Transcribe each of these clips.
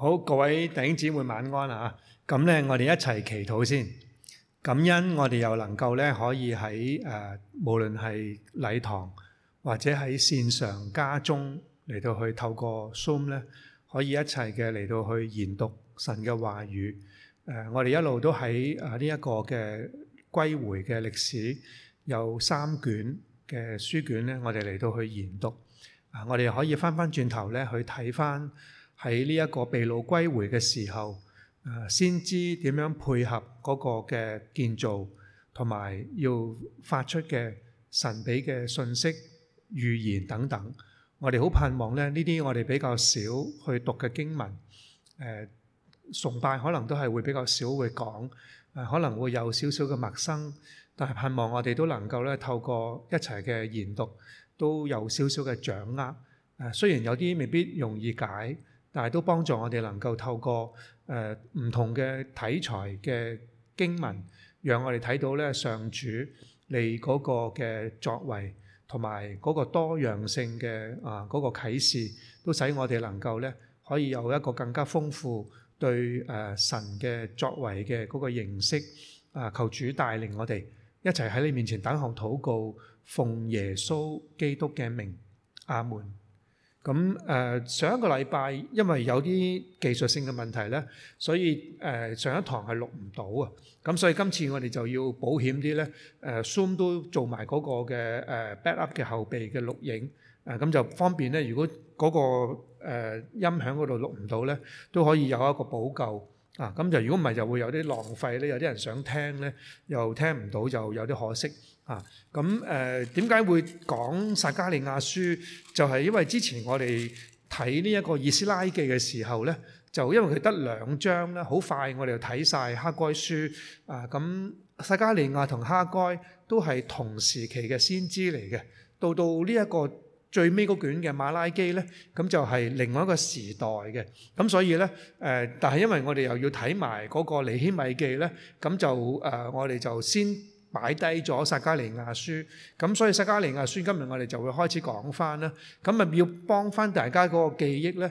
好，各位弟兄姊妹晚安啊！咁咧，我哋一齊祈禱先，感恩我哋又能夠咧可以喺誒、呃、無論係禮堂或者喺線上家中嚟到去透過 Zoom 咧，可以一齊嘅嚟到去研讀神嘅話語。呃、我哋一路都喺呢一個嘅歸回嘅歷史有三卷嘅書卷咧，我哋嚟到去研讀。啊、呃，我哋可以翻翻轉頭咧去睇翻。喺呢一個被擄歸回嘅時候，誒、呃、先知點樣配合嗰個嘅建造，同埋要發出嘅神俾嘅信息、預言等等，我哋好盼望咧，呢啲我哋比較少去讀嘅經文，誒、呃、崇拜可能都係會比較少會講，誒、呃、可能會有少少嘅陌生，但係盼望我哋都能夠咧透過一齊嘅研讀，都有少少嘅掌握。誒、呃、雖然有啲未必容易解。但係都幫助我哋能夠透過誒唔、呃、同嘅體裁嘅經文，讓我哋睇到咧上主你嗰個嘅作為，同埋嗰個多樣性嘅啊嗰個啟示，都使我哋能夠咧可以有一個更加豐富對誒、呃、神嘅作為嘅嗰個認識。啊、呃，求主帶領我哋一齊喺你面前等候禱告，奉耶穌基督嘅名，阿門。咁誒上一個禮拜，因為有啲技術性嘅問題咧，所以誒上一堂係錄唔到啊。咁所以今次我哋就要保險啲咧，誒 Zoom 都做埋嗰個嘅誒 backup 嘅後備嘅錄影啊。咁就方便咧，如果嗰個誒音響嗰度錄唔到咧，都可以有一個補救啊。咁就如果唔係，就會有啲浪費咧。有啲人想聽咧，又聽唔到，就有啲可惜。啊，咁誒點解會講撒迦利亞書？就係、是、因為之前我哋睇呢一個以斯拉記嘅時候咧，就因為佢得兩章，咧，好快我哋就睇晒《哈該書。啊，咁撒迦利亞同哈該都係同時期嘅先知嚟嘅。到到呢一個最尾嗰卷嘅馬拉基咧，咁就係另外一個時代嘅。咁所以咧，誒、呃，但係因為我哋又要睇埋嗰個尼希米記咧，咁就誒、呃，我哋就先。擺低咗撒迦利亞書，咁所以撒迦利亞書今日我哋就會開始講翻啦。咁啊要幫翻大家嗰個記憶咧，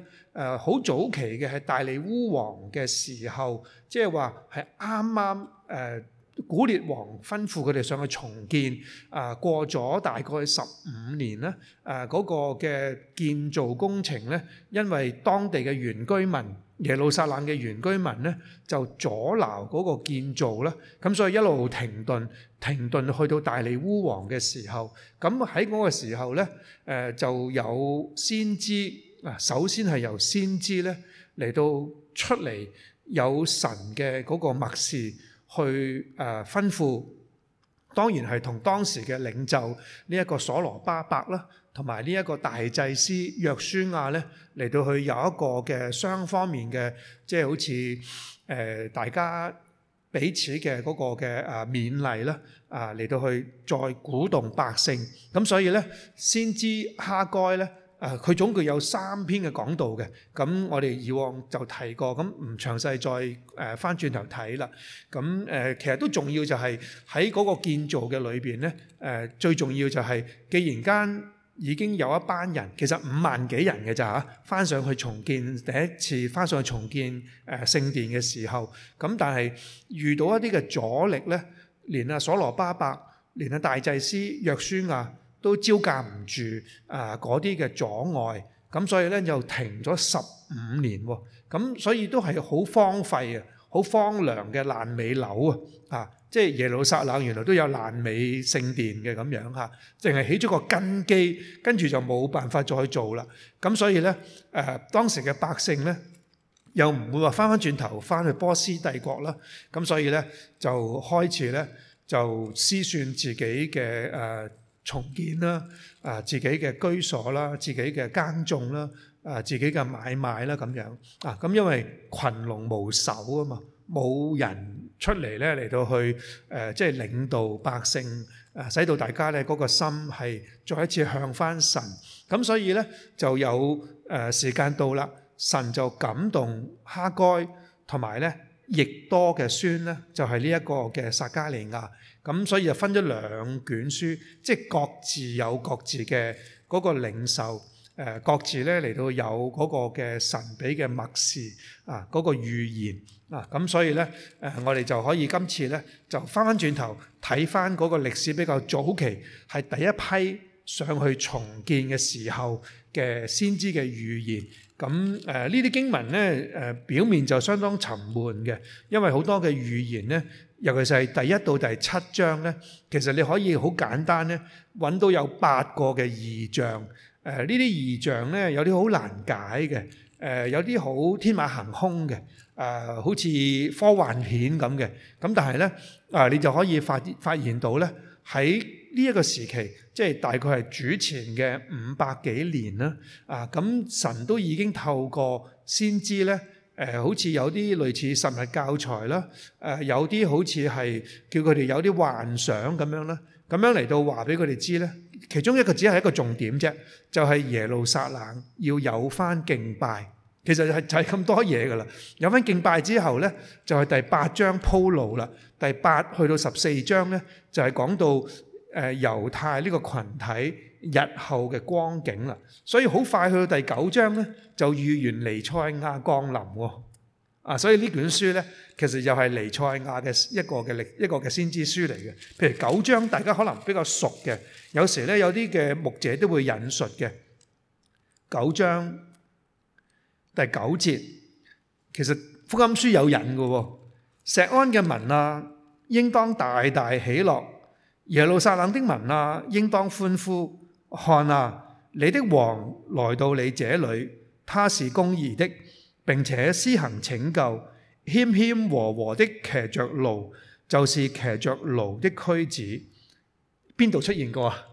好、呃、早期嘅係大利烏王嘅時候，即係話係啱啱誒古列王吩咐佢哋上去重建啊、呃，過咗大概十五年咧，誒、呃、嗰、那個嘅建造工程呢，因為當地嘅原居民。耶路撒冷嘅原居民咧就阻撓嗰個建造啦。咁所以一路停頓，停頓去到大利烏王嘅時候，咁喺嗰個時候咧，誒就有先知啊，首先係由先知咧嚟到出嚟有神嘅嗰個默示去誒吩咐，當然係同當時嘅領袖呢一個所羅巴伯啦。同埋呢一個大祭司約書亞咧，嚟到去有一個嘅雙方面嘅，即係好似誒大家彼此嘅嗰個嘅啊勉勵啦，啊嚟到去再鼓動百姓。咁所以咧，先知哈該咧，誒佢總共有三篇嘅講道嘅。咁我哋以往就提過，咁唔詳細再誒返轉頭睇啦。咁誒其實都重要就係喺嗰個建造嘅裏邊咧，誒最重要就係既然間，已經有一班人，其實五萬幾人嘅咋嚇，翻上去重建第一次，翻上去重建誒聖殿嘅時候，咁但係遇到一啲嘅阻力咧，連阿所羅巴伯，連阿大祭司約書亞都招架唔住啊嗰啲嘅阻礙，咁所以咧又停咗十五年喎，咁所以都係好荒廢啊，好荒涼嘅爛尾樓啊，啊！即係耶路撒冷原來都有爛尾聖殿嘅咁樣吓，淨係起咗個根基，跟住就冇辦法再做啦。咁所以咧，誒當時嘅百姓咧，又唔會話翻翻轉頭翻去波斯帝國啦。咁所以咧就開始咧就思算自己嘅誒重建啦，啊自己嘅居所啦，自己嘅耕種啦，啊自己嘅買賣啦咁樣啊。咁因為羣龍無首啊嘛，冇人。出嚟咧，嚟到去誒、呃，即係領導百姓，誒、呃、使到大家咧嗰、那個心係再一次向翻神。咁所以咧就有誒、呃、時間到啦，神就感動哈該同埋咧，亦多嘅孫咧就係呢一個嘅撒迦利亞。咁所以就分咗兩卷書，即係各自有各自嘅嗰個領受。誒各自咧嚟到有嗰個嘅神秘嘅默示啊，嗰、嗰個預言啊，咁所以咧誒我哋就可以今次咧就翻翻轉頭睇翻嗰個歷史，比較早期係第一批上去重建嘅時候嘅先知嘅預言，咁誒呢啲經文咧、呃、表面就相當沉悶嘅，因為好多嘅預言咧，尤其是係第一到第七章咧，其實你可以好簡單咧揾到有八個嘅異象。誒、呃、呢啲異象咧，有啲好難解嘅，誒、呃、有啲好天馬行空嘅，啊、呃、好似科幻片咁嘅。咁但係咧，啊、呃、你就可以發發現到咧，喺呢一個時期，即係大概係主前嘅五百幾年啦。啊、呃、咁，神都已經透過先知咧，誒、呃、好似有啲類似實物教材啦，誒、呃、有啲好似係叫佢哋有啲幻想咁樣啦，咁樣嚟到話俾佢哋知咧。其中一個啊，所以呢卷書咧，其實又係尼賽亞嘅一個嘅歷一個嘅先知書嚟嘅。譬如九章，大家可能比較熟嘅。有時咧，有啲嘅牧者都會引述嘅。九章第九節，其實福音書有引嘅喎。錫安嘅民啊，應當大大喜樂；耶路撒冷的民啊，應當歡呼。看啊，你的王來到你這裏，他是公義的。並且施行拯救，謙謙和和的騎着驢，就是騎着驢的駒子。邊度出現過啊？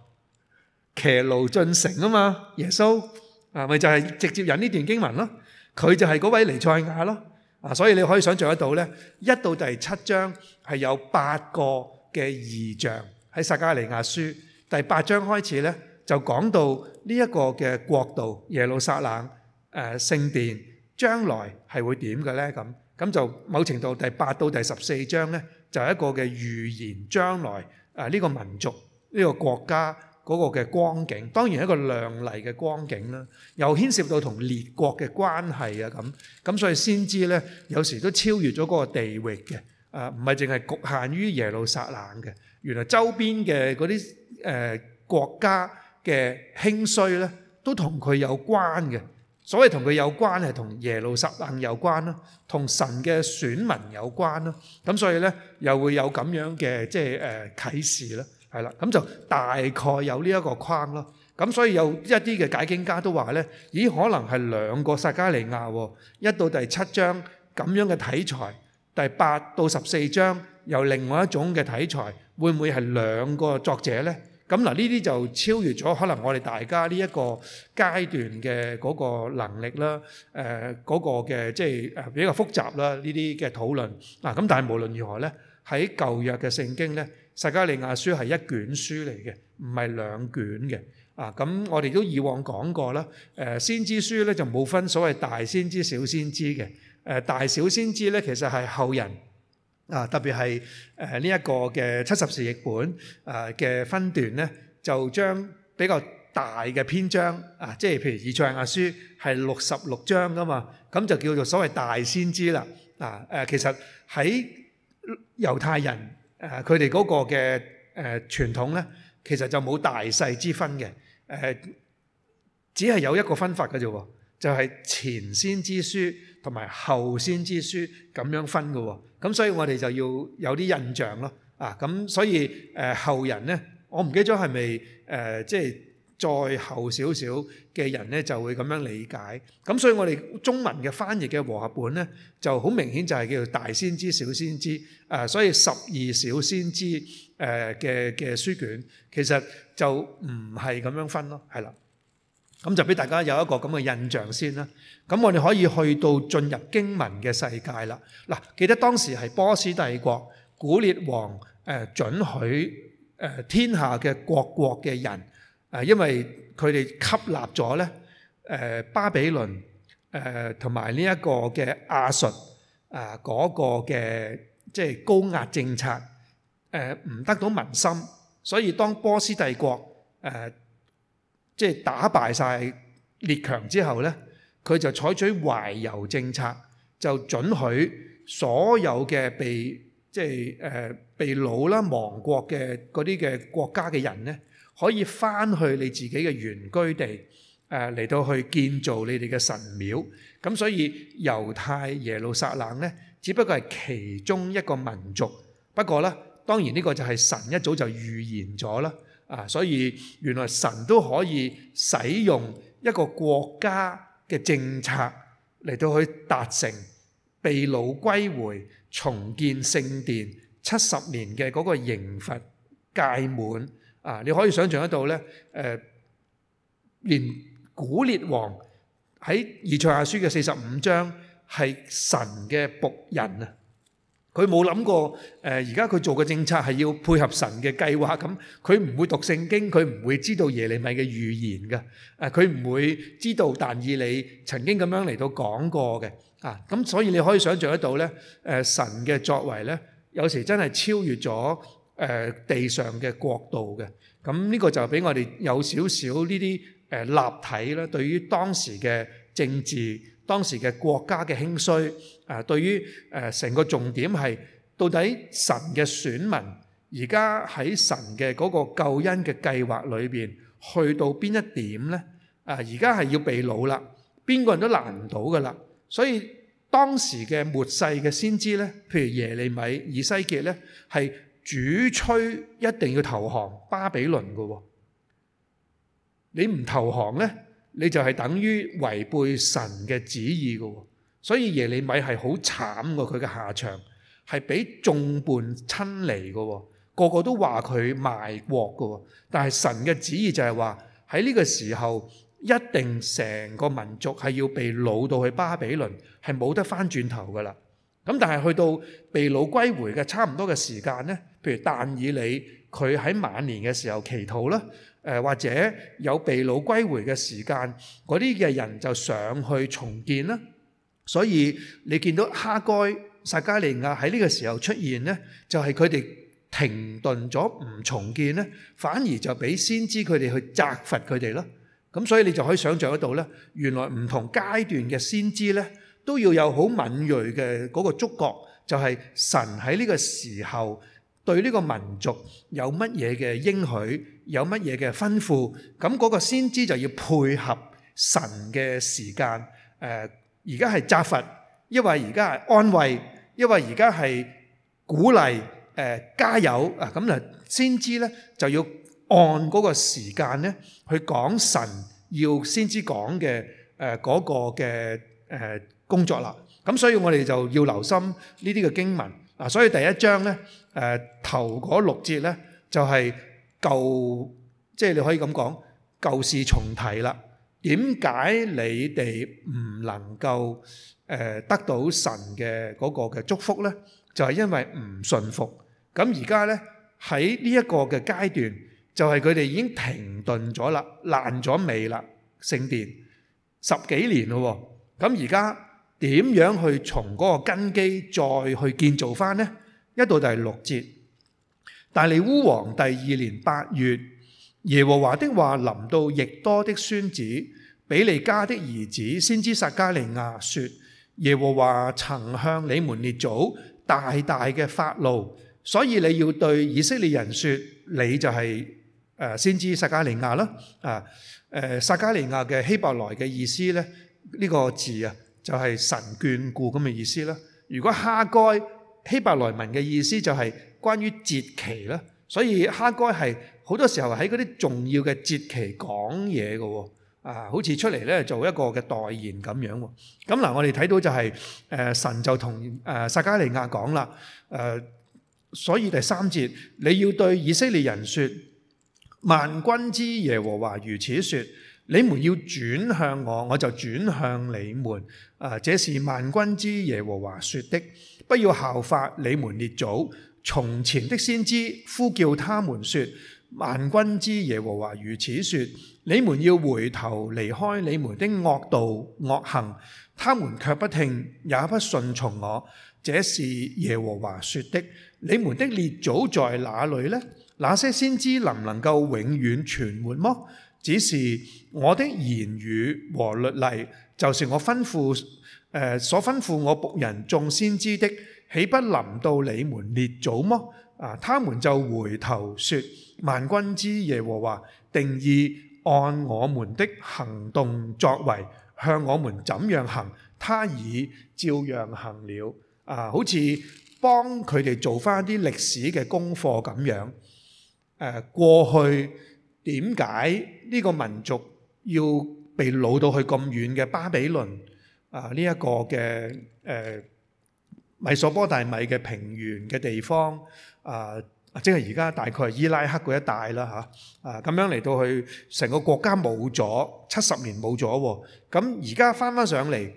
騎驢進城啊嘛，耶穌啊，咪就係、是、直接引呢段經文咯。佢就係嗰位彌賽亞咯。啊，所以你可以想像得到呢，一到第七章係有八個嘅異象喺撒迦利亞書，第八章開始呢，就講到呢一個嘅國度耶路撒冷，誒聖殿。將來係會點嘅咧？咁咁就某程度第八到第十四章咧，就係一個嘅預言將來誒呢個民族呢個國家嗰個嘅光景，當然一個亮麗嘅光景啦。又牽涉到同列國嘅關係啊咁咁，所以先知咧，有時都超越咗嗰個地域嘅誒，唔係淨係局限於耶路撒冷嘅。原來周邊嘅嗰啲誒國家嘅興衰咧，都同佢有關嘅。所以同佢有關係，同耶路撒冷有關啦，同神嘅選民有關啦，咁所以咧又會有咁樣嘅即係誒啟示啦，係啦，咁就大概有呢一個框咯。咁所以有一啲嘅解經家都話咧，咦？可能係兩個撒迦利亞，一到第七章咁樣嘅題材，第八到十四章由另外一種嘅題材，會唔會係兩個作者咧？咁嗱，呢啲就超越咗可能我哋大家呢一個階段嘅嗰個能力啦，誒嗰個嘅即係比較複雜啦，呢啲嘅討論。嗱，咁但係無論如何咧，喺舊約嘅聖經咧，《撒迦利亞書》係一卷書嚟嘅，唔係兩卷嘅。啊，咁我哋都以往講過啦，誒先知書咧就冇分所謂大先知、小先知嘅，誒大小先知咧其實係後人。啊，特別係誒呢一個嘅七十士譯本啊嘅分段咧，就將比較大嘅篇章啊，即係譬如《以賽亞書》係六十六章噶嘛，咁就叫做所謂大先知啦。啊誒、啊，其實喺猶太人誒佢哋嗰個嘅誒、啊、傳統咧，其實就冇大細之分嘅誒、啊，只係有一個分法㗎啫，就係、是、前先知書同埋後先知書咁樣分嘅。咁所以我哋就要有啲印象咯，啊，咁所以誒、呃、後人呢，我唔記得咗係咪誒，即係再後少少嘅人呢就會咁樣理解。咁所以我哋中文嘅翻譯嘅和合本呢，就好明顯就係叫大先知、小先知啊、呃，所以十二小先知誒嘅嘅書卷其實就唔係咁樣分咯，係啦。咁就俾大家有一個咁嘅印象先啦。咁我哋可以去到進入經文嘅世界啦。嗱，記得當時係波斯帝國古列王誒准許誒天下嘅各國嘅人誒，因為佢哋吸納咗咧誒巴比倫誒同埋呢一個嘅亞述誒嗰個嘅即係高壓政策誒唔得到民心，所以當波斯帝國誒。即係打敗晒列強之後咧，佢就採取懷柔政策，就准許所有嘅被即係、呃、被擄啦亡國嘅嗰啲嘅國家嘅人咧，可以翻去你自己嘅原居地誒嚟、呃、到去建造你哋嘅神廟。咁所以猶太耶路撒冷咧，只不過係其中一個民族。不過咧，當然呢個就係神一早就預言咗啦。啊！所以原來神都可以使用一個國家嘅政策嚟到去達成被擄歸回，回、重建聖殿、七十年嘅嗰個刑罰屆滿。啊！你可以想象得到咧，誒、呃，連古列王喺以賽亞書嘅四十五章係神嘅僕人啊！佢冇諗過，誒而家佢做嘅政策係要配合神嘅計劃咁，佢唔會讀聖經，佢唔會知道耶利米嘅預言嘅，佢、啊、唔會知道但以理曾經咁樣嚟到講過嘅，啊咁所以你可以想象得到咧、呃，神嘅作為咧有時真係超越咗誒、呃、地上嘅國度嘅，咁呢個就俾我哋有少少呢啲立體啦，對於當時嘅政治。當時嘅國家嘅興衰，誒對於誒成個重點係到底神嘅選民而家喺神嘅嗰個救恩嘅計劃裏面，去到邊一點呢？啊，而家係要被擄啦，邊個人都攔唔到噶啦。所以當時嘅末世嘅先知呢，譬如耶利米、以西結呢，係主催一定要投降巴比倫嘅喎。你唔投降呢？你就係等於違背神嘅旨意嘅，所以耶利米係好慘嘅，佢嘅下場，係俾眾叛親離嘅，個個都話佢賣國㗎喎。但係神嘅旨意就係話喺呢個時候一定成個民族係要被擄到去巴比倫，係冇得翻轉頭㗎啦。咁但係去到被擄歸回嘅差唔多嘅時間呢，譬如但以理，佢喺晚年嘅時候祈禱啦。誒或者有被擄歸回嘅時間，嗰啲嘅人就上去重建啦。所以你見到哈該、撒迦利亞喺呢個時候出現咧，就係佢哋停頓咗唔重建咧，反而就俾先知佢哋去責罰佢哋咯。咁所以你就可以想像得到咧，原來唔同階段嘅先知咧，都要有好敏鋭嘅嗰個觸覺，就係神喺呢個時候。對呢個民族有乜嘢嘅應許，有乜嘢嘅吩咐，咁嗰個先知就要配合神嘅時間。誒，而家係責罰，抑或而家係安慰，抑或而家係鼓勵。誒，加油啊！咁啊，先知咧就要按嗰個時間咧去講神要先知講嘅誒嗰個嘅誒工作啦。咁所以我哋就要留心呢啲嘅經文。啊，所以第一章咧，誒頭嗰六節咧，就係舊，即係你可以咁講，舊事重提啦。點解你哋唔能夠誒得到神嘅嗰個嘅祝福咧？就係因為唔信服。咁而家咧喺呢一個嘅階段，就係佢哋已經停頓咗啦，爛咗尾啦，聖殿十幾年咯。咁而家。點樣去從嗰個根基再去建造翻呢？一到第六節，大利烏王第二年八月，耶和華的話臨到亦多的孫子比利家的兒子先知撒迦利亞說：耶和華曾向你們列祖大大嘅發怒，所以你要對以色列人說，你就係誒先知撒迦利亞啦。啊誒，撒迦利亞嘅希伯來嘅意思咧呢、呢個字啊？就係、是、神眷顧咁嘅意思啦。如果哈該希伯來文嘅意思就係關於節期啦，所以哈該係好多時候喺嗰啲重要嘅節期講嘢嘅喎。啊，好似出嚟咧做一個嘅代言咁樣。咁、啊、嗱，我哋睇到就係、是呃、神就同誒、呃、撒迦利亞講啦。誒，所以第三節你要對以色列人說：萬軍之耶和華如此說你們要轉向我，我就轉向你們。啊，這是萬軍之耶和華說的。不要效法你們列祖，從前的先知呼叫他們說：萬軍之耶和華如此說，你們要回頭離開你們的惡道惡行。他們卻不聽，也不順從我。這是耶和華說的。你們的列祖在哪裏呢？那些先知能唔能夠永遠存活麼？只是。我的言語和律例，就是我吩咐誒所吩咐我僕人眾先知的，豈不臨到你們列祖麼？啊，他們就回頭説：萬軍之耶和華定意按我們的行動作為，向我們怎樣行，他已照樣行了。啊，好似幫佢哋做翻一啲歷史嘅功課咁樣。誒，過去點解呢個民族要被擄到去咁遠嘅巴比倫啊！呢一個嘅誒米索波大米嘅平原嘅地方啊，即係而家大概係伊拉克嗰一帶啦嚇。啊，咁樣嚟到去成個國家冇咗七十年冇咗喎。咁而家翻翻上嚟，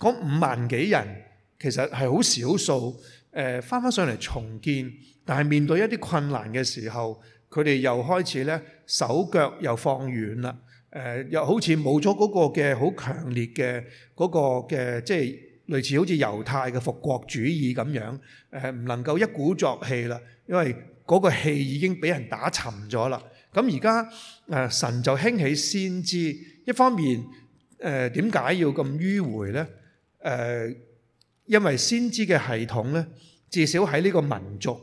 嗰五萬幾人其實係好少數。誒，翻翻上嚟重建，但係面對一啲困難嘅時候，佢哋又開始咧手腳又放軟啦。誒、呃、又好似冇咗嗰個嘅好強烈嘅嗰個嘅，即係類似好似猶太嘅復國主義咁樣，誒，呃、唔能夠一鼓作氣啦，因為嗰個氣已經俾人打沉咗啦。咁而家誒，神就興起先知，一方面誒，點解要咁迂迴呢？誒、呃，因為先知嘅系統呢，至少喺呢個民族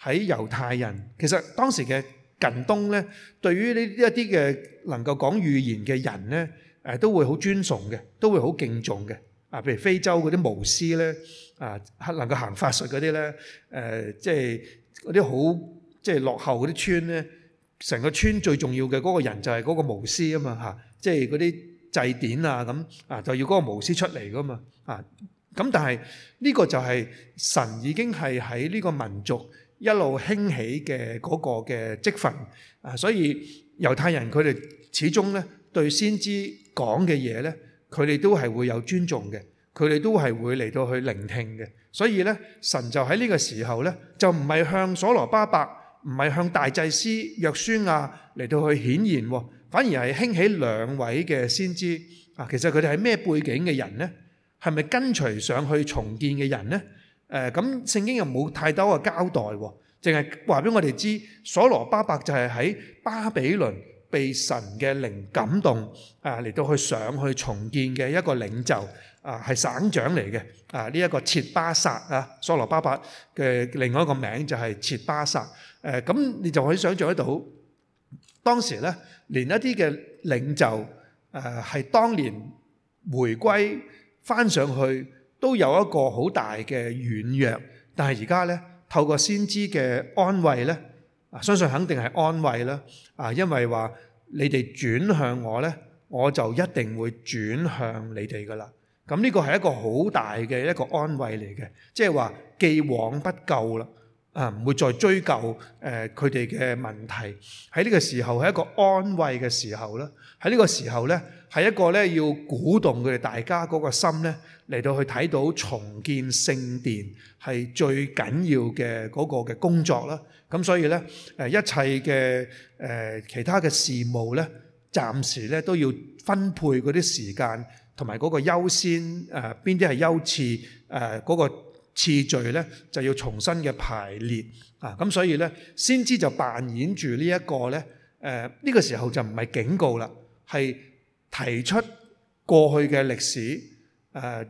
喺猶太人，其實當時嘅。近東咧，對於呢一啲嘅能夠講預言嘅人咧，誒都會好尊崇嘅，都會好敬重嘅。啊，譬如非洲嗰啲巫師咧，啊，能夠行法術嗰啲咧，誒、啊，即係嗰啲好，即係落後嗰啲村咧，成個村最重要嘅嗰個人就係嗰個巫師啊嘛，嚇、啊，即係嗰啲祭典啊咁啊，就要嗰個巫師出嚟噶嘛，啊，咁但係呢個就係神已經係喺呢個民族，一路興起嘅嗰個嘅職分。所以，猶太人佢哋始終呢，對先知講嘅嘢呢，佢哋都係會有尊重嘅，佢哋都係會嚟到去聆聽嘅。所以呢，神就喺呢個時候呢，就唔係向所羅巴伯，唔係向大祭司，約書亞，嚟到去顯現喎。反而係興起兩位嘅先知，其實佢哋係咩背景嘅人呢？係咪跟隨上去重建嘅人呢？誒，咁聖經又冇太多嘅交代喎，淨係話俾我哋知所羅巴伯就係喺巴比倫被神嘅靈感動啊，嚟到去上去重建嘅一個領袖啊，係省長嚟嘅啊，呢一個切巴薩啊，所羅巴伯嘅另外一個名就係切巴薩。誒，咁你就可以想象得到當時呢，連一啲嘅領袖誒，係當年回歸翻上去。都有一個好大嘅軟弱，但係而家呢，透過先知嘅安慰呢，啊，相信肯定係安慰啦，啊，因為話你哋轉向我呢，我就一定會轉向你哋㗎喇。咁呢個係一個好大嘅一個安慰嚟嘅，即係話既往不咎啦，啊，唔會再追究誒佢哋嘅問題。喺呢個時候係一個安慰嘅時候呢。喺呢個時候呢，係一個呢要鼓動佢哋大家嗰個心呢。嚟到去睇到重建聖殿係最緊要嘅嗰個嘅工作啦，咁所以咧誒一切嘅誒其他嘅事務咧，暫時咧都要分配嗰啲時間同埋嗰個優先誒邊啲係優次誒嗰個次序咧，就要重新嘅排列啊！咁所以咧，先知就扮演住呢一個咧誒呢個時候就唔係警告啦，係提出過去嘅歷史誒。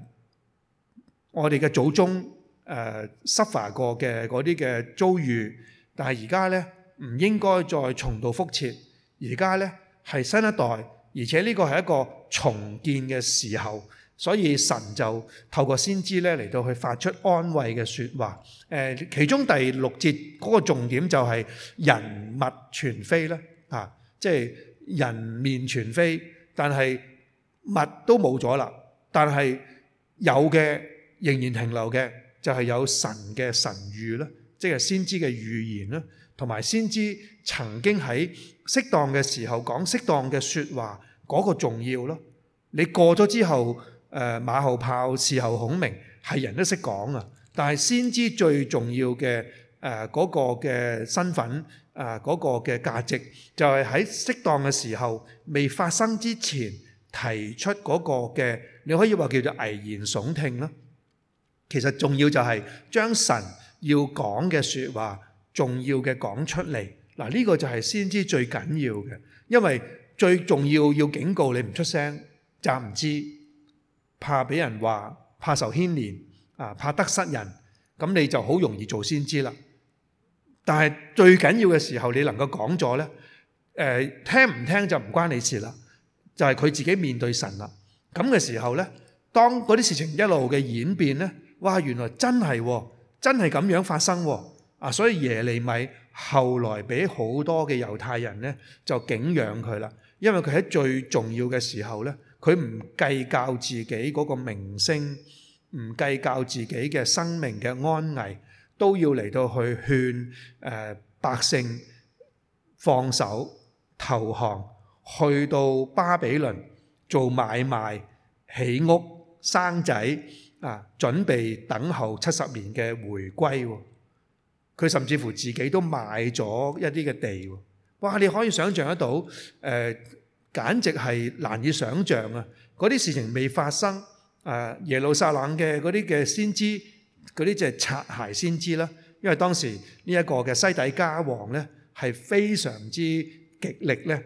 我哋嘅祖宗誒 s u 過過嘅嗰啲嘅遭遇，但係而家呢，唔應該再重蹈覆轍。而家呢，係新一代，而且呢個係一個重建嘅時候，所以神就透過先知呢嚟到去發出安慰嘅說話、呃。其中第六節嗰個重點就係人物全非啦，啊，即係人面全非，但係物都冇咗啦，但係有嘅。仍然停留嘅就係有神嘅神諭啦，即係先知嘅預言啦，同埋先知曾經喺適當嘅時候講適當嘅説話嗰個重要咯。你過咗之後，誒馬後炮、事後孔明係人都識講啊。但係先知最重要嘅誒嗰個嘅身份啊，嗰個嘅價值就係喺適當嘅時候未發生之前提出嗰個嘅，你可以話叫做危言聳聽啦。其實重要就係將神要講嘅說的話重要嘅講出嚟。嗱，呢個就係先知最緊要嘅。因為最重要要警告你唔出聲就唔知，怕俾人話，怕受牽連啊，怕得失人，咁你就好容易做先知啦。但係最緊要嘅時候，你能夠講咗呢，誒、呃、聽唔聽就唔關你事啦，就係、是、佢自己面對神啦。咁嘅時候呢，當嗰啲事情一路嘅演變呢。哇，原來真係，真係咁樣發生。啊！準備等候七十年嘅回歸，佢、啊、甚至乎自己都賣咗一啲嘅地。哇、啊！你可以想象得到，誒、呃，簡直係難以想象啊！嗰啲事情未發生，啊，耶路撒冷嘅嗰啲嘅先知，嗰啲就係擦鞋先知啦、啊。因為當時呢一個嘅西底家王咧，係非常之極力咧、啊，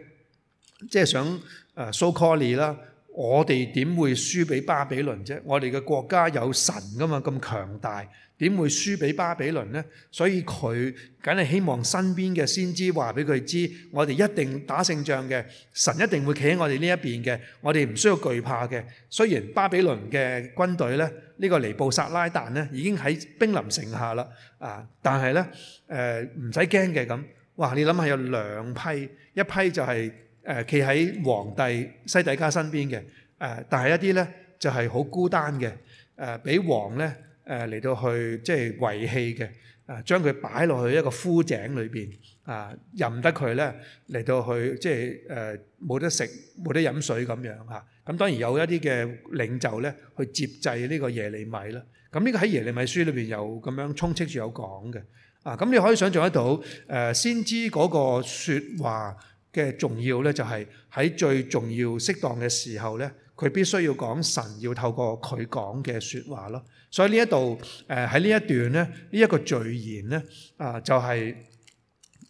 即係想啊蘇科利啦。我哋點會輸俾巴比倫啫？我哋嘅國家有神噶嘛，咁強大點會輸俾巴比倫呢？所以佢梗係希望身邊嘅先知話俾佢知，我哋一定打勝仗嘅，神一定會企喺我哋呢一邊嘅，我哋唔需要懼怕嘅。雖然巴比倫嘅軍隊呢，呢個尼布撒拉旦呢已經喺兵臨城下啦，啊！但係呢，誒唔使驚嘅咁，哇！你諗下有兩批，一批就係，誒企喺皇帝西底家身邊嘅誒，但係一啲咧就係好孤單嘅誒，俾王咧誒嚟到去即係遺棄嘅誒，將佢擺落去一個枯井裏邊啊，任得佢咧嚟到去即係誒冇得食、冇得飲水咁樣嚇。咁當然有一啲嘅領袖咧去接濟呢個耶利米啦。咁呢個喺耶利米書裏邊有咁樣充斥住有講嘅啊。咁你可以想象得到誒，先知嗰個説話嘅重要咧，就係喺最重要適當嘅時候咧，佢必須要講神要透過佢講嘅説話咯。所以呢一度誒喺呢一段咧，呢一個序言咧啊，就係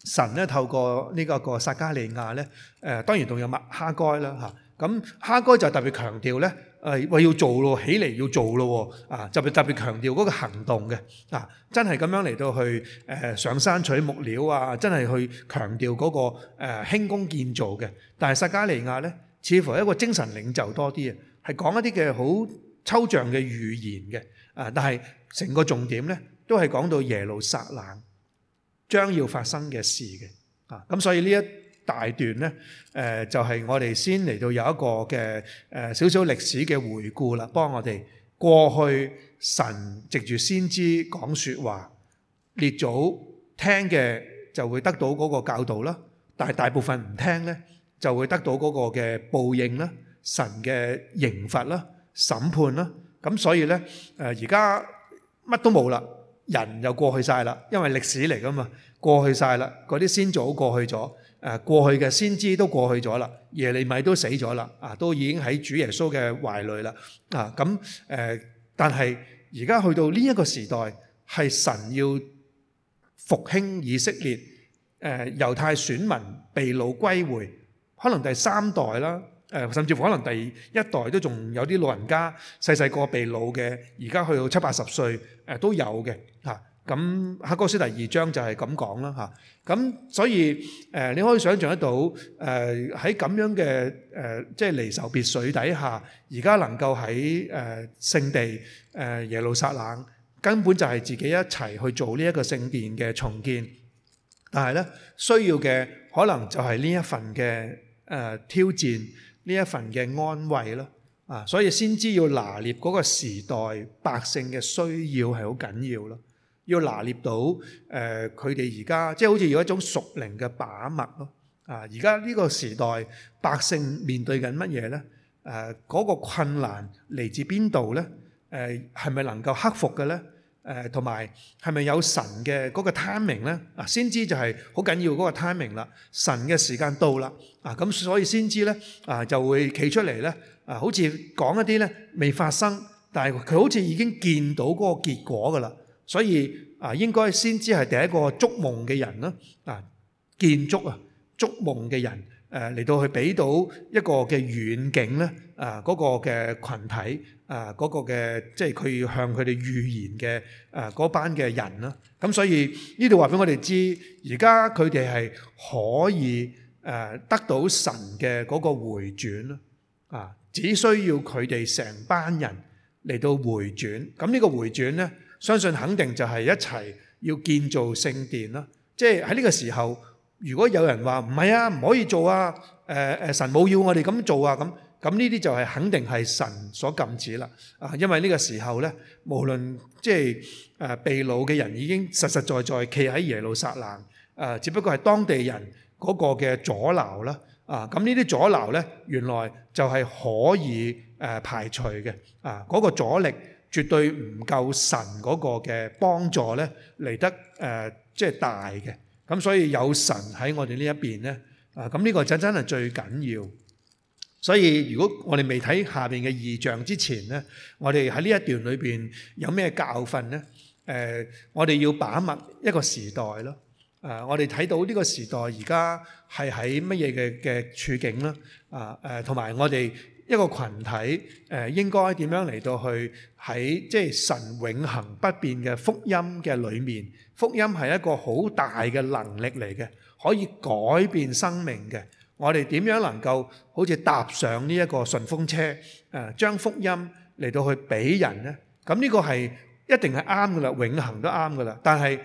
神咧透過呢一個撒迦利亞咧誒，當然仲有麥哈該啦嚇。咁哈該就特別強調咧。誒，喂，要做咯，起嚟要做咯，啊，特別特別強調嗰個行動嘅，啊，真係咁樣嚟到去，誒，上山取木料啊，真係去強調嗰個誒輕工建造嘅。但係撒迦利亞咧，似乎一個精神領袖多啲啊，係講一啲嘅好抽象嘅預言嘅，啊，但係成個重點咧，都係講到耶路撒冷將要發生嘅事嘅，啊，咁所以呢一大段咧，誒就係我哋先嚟到有一個嘅誒少少歷史嘅回顧啦，幫我哋過去神藉住先知講說話，列祖聽嘅就會得到嗰個教導啦。但係大部分唔聽咧，就會得到嗰個嘅報應啦、神嘅刑罰啦、審判啦。咁所以咧，誒而家乜都冇啦，人又過去晒啦，因為歷史嚟㗎嘛，過去晒啦，嗰啲先祖過去咗。誒過去嘅先知都過去咗啦，耶利米都死咗啦，啊都已經喺主耶穌嘅懷裡啦。啊咁誒，但係而家去到呢一個時代，係神要復興以色列，誒猶太選民被擄歸回，可能第三代啦，誒甚至乎可能第一代都仲有啲老人家細細個被擄嘅，而家去到七八十歲誒都有嘅嚇。咁《哈該書》第二章就係咁講啦嚇，咁所以誒你可以想象得到，誒喺咁樣嘅誒即係離愁別水底下，而家能夠喺誒聖地誒耶路撒冷，根本就係自己一齊去做呢一個聖殿嘅重建。但係咧，需要嘅可能就係呢一份嘅誒挑戰，呢一份嘅安慰咯。啊，所以先知要拿捏嗰個時代百姓嘅需要係好緊要咯。要拿捏到誒佢哋而家，即係好似有一種屬靈嘅把脈咯。啊，而家呢個時代百姓面對緊乜嘢咧？誒，嗰個困難嚟自邊度咧？誒，係咪能夠克服嘅咧？誒，同埋係咪有神嘅嗰個 timing 咧？啊，先知就係好緊要嗰個 timing 啦。神嘅時間到啦。啊，咁所以先知咧啊，就會企出嚟咧。啊，好似講一啲咧未發生，但係佢好似已經見到嗰個結果㗎啦。所以啊，應該先知係第一個築夢嘅人啦。啊，建築啊，築夢嘅人，誒嚟到去俾到一個嘅遠景咧。啊，嗰個嘅羣體啊，嗰個嘅即係佢要向佢哋預言嘅誒嗰班嘅人啦。咁所以呢度話俾我哋知，而家佢哋係可以誒得到神嘅嗰個回轉囉。啊，只需要佢哋成班人嚟到回轉。咁呢個回轉咧？相信肯定就係一齊要建造聖殿啦。即係喺呢個時候，如果有人話唔係啊，唔可以做啊，誒誒，神冇要我哋咁做啊，咁咁呢啲就係肯定係神所禁止啦。啊，因為呢個時候咧，無論即係誒被擄嘅人已經實實在在企喺耶路撒冷，誒，只不過係當地人嗰個嘅阻撓啦。啊，咁呢啲阻撓咧，原來就係可以誒排除嘅。啊，嗰個阻力。絕對唔夠神嗰個嘅幫助咧嚟得誒，即、呃、係、就是、大嘅。咁所以有神喺我哋呢一邊咧，啊咁呢個就真真係最緊要。所以如果我哋未睇下邊嘅異象之前咧，我哋喺呢一段裏邊有咩教訓咧？誒、呃，我哋要把握一個時代咯。啊、呃，我哋睇到呢個時代而家係喺乜嘢嘅嘅處境啦？啊同埋我哋。一個羣體誒應該點樣嚟到去喺即係神永恆不變嘅福音嘅裏面，福音係一個好大嘅能力嚟嘅，可以改變生命嘅。我哋點樣能夠好似搭上呢一個順風車？誒，將福音嚟到去俾人呢，咁呢個係一定係啱㗎啦，永恆都啱㗎啦。但係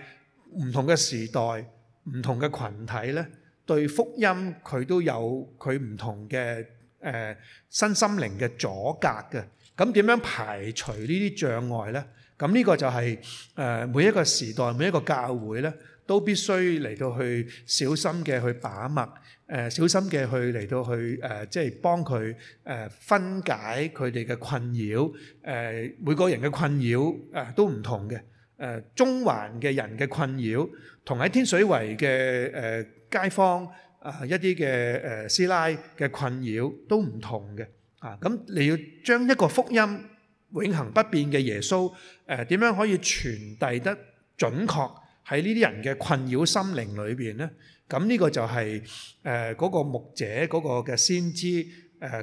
唔同嘅時代、唔同嘅羣體呢，對福音佢都有佢唔同嘅。誒身心靈嘅阻隔嘅，咁點樣排除呢啲障礙呢？咁呢個就係誒每一個時代每一個教會呢，都必須嚟到去小心嘅去把脈，誒小心嘅去嚟到去誒，即係幫佢誒分解佢哋嘅困擾，誒每個人嘅困擾誒都唔同嘅，誒中環嘅人嘅困擾，同喺天水圍嘅誒街坊。啊，一啲嘅誒師奶嘅困擾都唔同嘅，啊，咁你要將一個福音永恆不變嘅耶穌，誒點樣可以傳遞得準確喺呢啲人嘅困擾心靈裏邊咧？咁呢個就係誒嗰個牧者，嗰個嘅先知，誒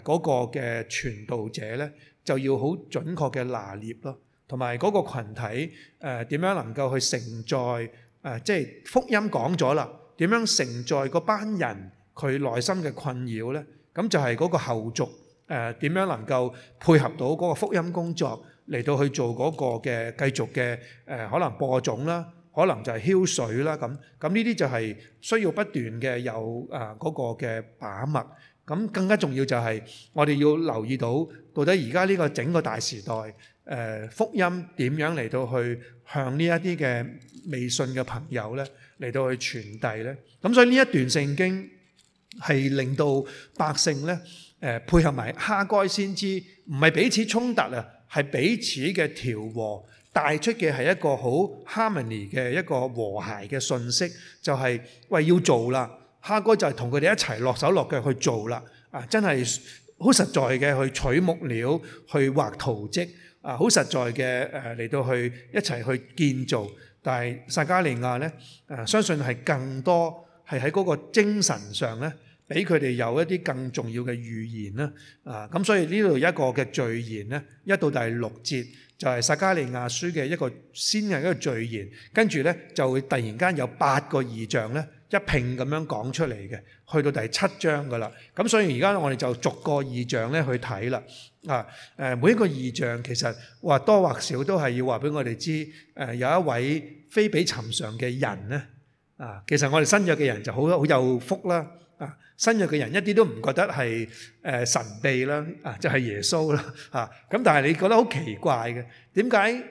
嗰個嘅傳道者咧，就要好準確嘅拿捏咯，同埋嗰個羣體誒點樣能夠去承載誒，即係福音講咗啦。點樣承載嗰班人佢內心嘅困擾呢？咁就係嗰個後續誒點樣能夠配合到嗰個福音工作嚟到去做嗰個嘅繼續嘅誒可能播種啦，可能就係澆水啦咁。咁呢啲就係需要不斷嘅有誒嗰個嘅把脈。咁更加重要就係我哋要留意到到底而家呢個整個大時代。誒、呃、福音點樣嚟到去向呢一啲嘅未信嘅朋友咧，嚟到去傳遞咧？咁所以呢一段聖經係令到百姓咧，誒、呃、配合埋哈該先知，唔係彼此衝突啊，係彼此嘅調和，帶出嘅係一個好 harmony 嘅一個和諧嘅信息，就係、是、喂要做啦，哈該就係同佢哋一齊落手落腳去做啦，啊，真係好實在嘅去取木料去畫圖蹟。啊，好實在嘅誒嚟到去一齊去建造，但係撒迦利亞呢，誒、啊、相信係更多係喺嗰個精神上呢，俾佢哋有一啲更重要嘅預言啦。啊，咁、啊、所以呢度一個嘅序言呢，一到第六節就係、是、撒迦利亞書嘅一個先人一個序言，跟住呢，就會突然間有八個異象呢。一拼咁樣講出嚟嘅，去到第七章噶啦，咁所以而家我哋就逐個異象咧去睇啦。啊，誒每一個異象其實或多或少都係要話俾我哋知，誒有一位非比尋常嘅人咧。啊，其實我哋新約嘅人就好好有福啦。啊，新約嘅人一啲都唔覺得係誒神秘啦。啊，就係耶穌啦。嚇，咁但係你覺得好奇怪嘅，點解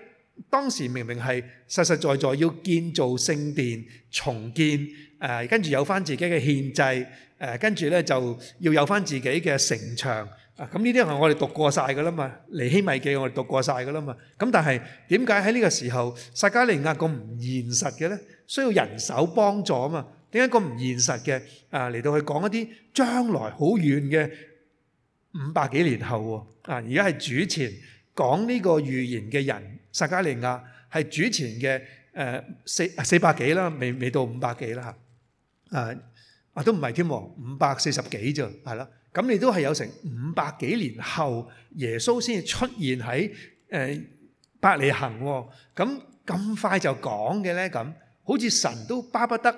當時明明係實實在在要建造聖殿重建？誒、啊、跟住有翻自己嘅限制，誒、啊、跟住咧就要有翻自己嘅城牆。咁呢啲係我哋讀過晒㗎啦嘛，尼希米記我哋讀過晒㗎啦嘛。咁、啊、但係點解喺呢個時候撒迦利亞咁唔現實嘅咧？需要人手幫助啊嘛。點解咁唔現實嘅啊，嚟到去講一啲將來好遠嘅五百幾年後喎、啊？啊，而家係主前講呢個預言嘅人撒迦利亞係主前嘅誒、啊、四四百幾啦，未未到五百幾啦啊！啊都唔係添，五百四十幾啫，係咯。咁你都係有成五百幾年後，耶穌先出現喺誒伯利恆喎。咁咁快就講嘅咧？咁好似神都巴不得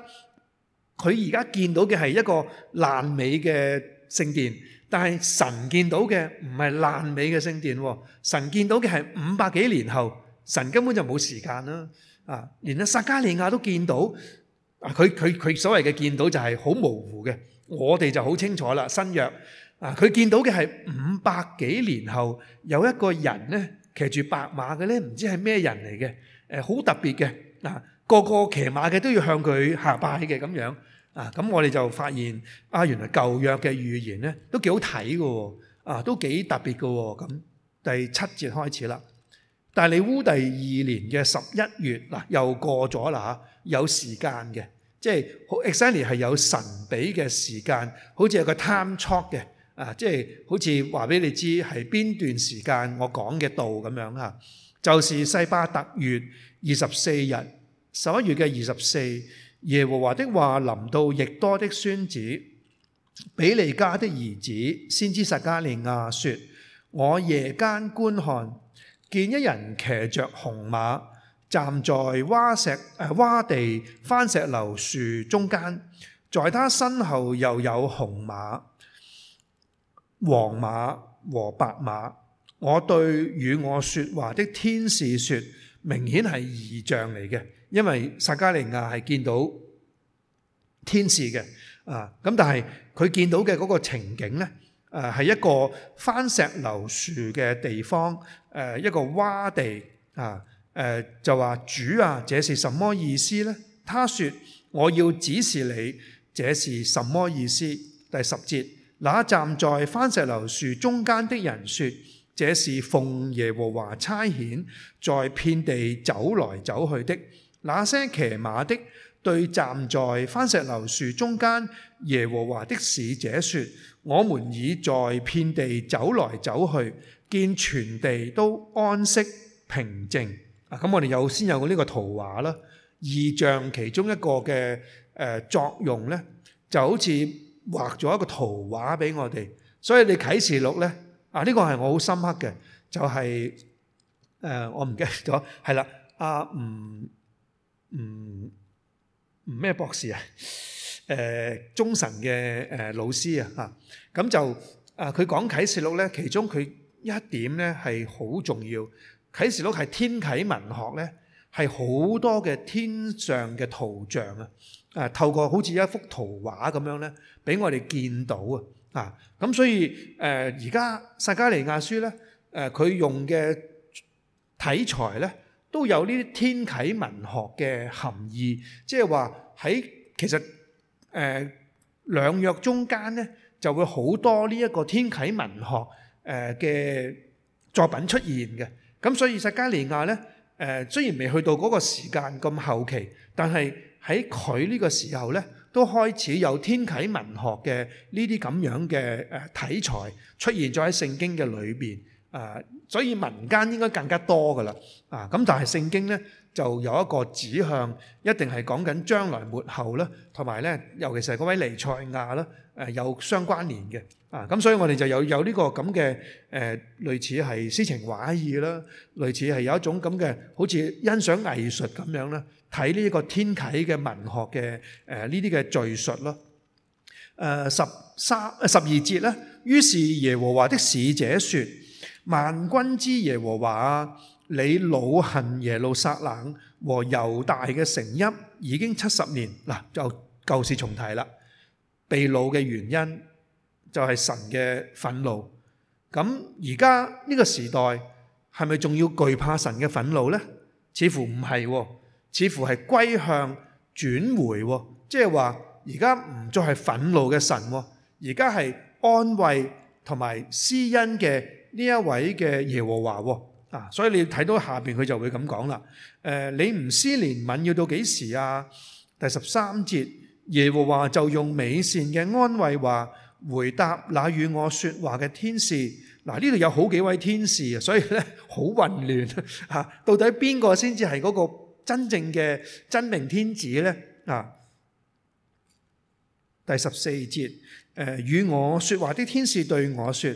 佢而家見到嘅係一個爛尾嘅聖殿，但係神見到嘅唔係爛尾嘅聖殿喎。神見到嘅係五百幾年後，神根本就冇時間啦。啊，連阿撒迦利亞都見到。啊！佢佢佢所謂嘅見到就係好模糊嘅，我哋就好清楚啦。新約啊，佢見到嘅係五百幾年後有一個人咧，騎住白馬嘅咧，唔知係咩人嚟嘅？誒，好特別嘅嗱，個個騎馬嘅都要向佢下拜嘅咁樣啊！咁我哋就發現啊，原來舊約嘅預言咧都幾好睇嘅喎啊，都幾特別嘅喎咁。第七節開始啦。但係你污第二年嘅十一月，嗱，又過咗啦吓，有時間嘅，即係 exactly 係有神俾嘅時間，好似有個 time clock 嘅，啊，即係好似話俾你知係邊段時間我講嘅道咁樣啊，就是西巴特月二十四日，十一月嘅二十四，耶和華的話臨到亦多的孫子比利家的兒子先知撒迦利亞說：我夜間觀看。見一人騎着紅馬，站在窪石誒窪地番石榴樹中間，在他身後又有紅馬、黃馬和白馬。我對與我說話的天使說：明顯係異象嚟嘅，因為撒迦利亞係見到天使嘅啊。咁但係佢見到嘅嗰個情景呢誒、呃、係一個番石榴樹嘅地方，誒、呃、一個窪地啊，呃、就話主啊，這是什麼意思呢？他說：我要指示你，這是什麼意思？第十節，那站在番石榴樹中間的人說：這是奉耶和華差遣，在遍地走來走去的那些騎馬的。對站在番石榴樹中間耶和華的使者說：我們已在遍地走來走去，見全地都安息平靜。啊，咁我哋有先有呢個圖畫啦。意象其中一個嘅誒、作用呢，就好似畫咗一個圖畫俾我哋。所以你啟示錄呢，啊，呢個係我好深刻嘅，就係誒、我唔記得咗，係啦，啊唔、唔。唔咩博士啊？誒、呃，忠臣嘅、呃、老師啊，嚇咁就啊，佢、啊、講、啊啊、啟示錄咧，其中佢一點咧係好重要。啟示錄係天啟文學咧，係好多嘅天上嘅圖像啊，啊，透過好似一幅圖畫咁樣咧，俾我哋見到啊，嚇、啊、咁所以誒而家撒加尼亞書咧，佢、啊啊、用嘅題材咧。都有呢啲天啟文學嘅含義，即係話喺其實誒兩約中間呢，就會好多呢一個天啟文學嘅、呃、作品出現嘅。咁所以撒迦利亞呢，誒、呃，雖然未去到嗰個時間咁後期，但係喺佢呢個時候呢，都開始有天啟文學嘅呢啲咁樣嘅誒題材出現咗喺聖經嘅裏邊。啊，所以民間應該更加多㗎喇，啊咁但係聖經咧就有一個指向，一定係講緊將來末後咧，同埋咧，尤其是係嗰位彌賽亞啦，誒有相關聯嘅，啊咁所以我哋就有有呢個咁嘅誒，類似係詩情畫意啦，類似係有一種咁嘅，好似欣賞藝術咁樣咧，睇呢一個天啟嘅文學嘅誒呢啲嘅敘述啦，誒十三，誒十二節咧，於是耶和華的使者說。萬軍之耶和華啊，你惱恨耶路撒冷和猶大嘅城邑已經七十年，嗱、啊、就舊事重提啦。被惱嘅原因就係神嘅憤怒，咁而家呢個時代係咪仲要懼怕神嘅憤怒呢？似乎唔係，似乎係歸向轉回，即係話而家唔再係憤怒嘅神，而家係安慰同埋施恩嘅。呢一位嘅耶和華喎，啊，所以你睇到下邊佢就會咁講啦。誒、呃，你唔施憐憫要到幾時啊？第十三節，耶和華就用美善嘅安慰話回答那與我說話嘅天使。嗱、呃，呢度有好幾位天使啊，所以咧好混亂吓、啊，到底邊個先至係嗰個真正嘅真命天子呢？啊，第十四節，誒、呃，與我說話的天使對我說。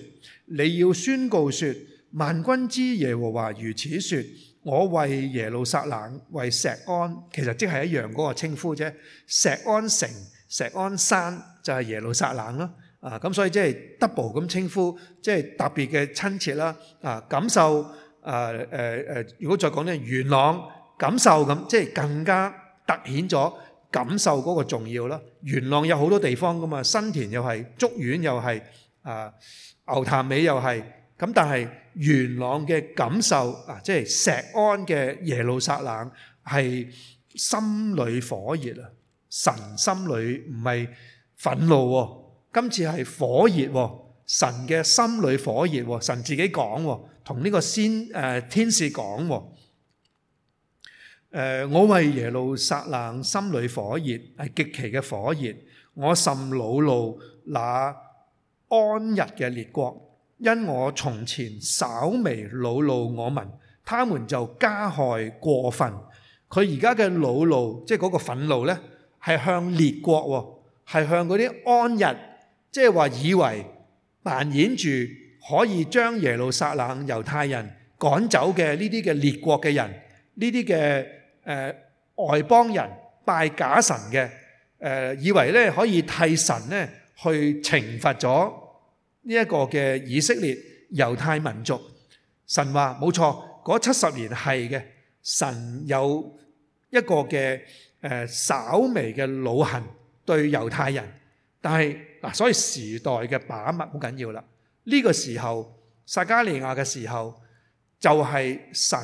你要宣告說，萬軍之耶和華如此說：我為耶路撒冷、為錫安，其實即係一樣嗰個稱呼啫。錫安城、錫安山就係耶路撒冷咯。啊，咁所以即係 double 咁稱呼，即係特別嘅親切啦。啊，感受啊，誒誒，如果再講咧，元朗感受咁，即係更加突顯咗感受嗰個重要啦。元朗有好多地方噶嘛，新田又係，竹園又係，啊。牛潭尾又係咁，但係元朗嘅感受啊，即係錫安嘅耶路撒冷係心裏火熱啊！神心裏唔係憤怒喎，今次係火熱喎，神嘅心裏火熱喎，神自己講同呢個先誒天使講，誒我為耶路撒冷心裏火熱，係極其嘅火熱，我甚惱怒那。安逸嘅列國，因我從前稍微惱怒我民，他們就加害過分。佢而家嘅惱怒，即係嗰個憤怒呢，係向列國，係向嗰啲安逸，即係話以為扮演住可以將耶路撒冷猶太人趕走嘅呢啲嘅列國嘅人，呢啲嘅誒外邦人拜假神嘅，誒以為呢可以替神呢。去懲罰咗呢一個嘅以色列猶太民族。神話冇錯，嗰七十年係嘅。神有一個嘅誒稍微嘅惱恨對猶太人，但係嗱、啊，所以時代嘅把握好緊要啦。呢、這個時候撒迦利亞嘅時候就係、是、神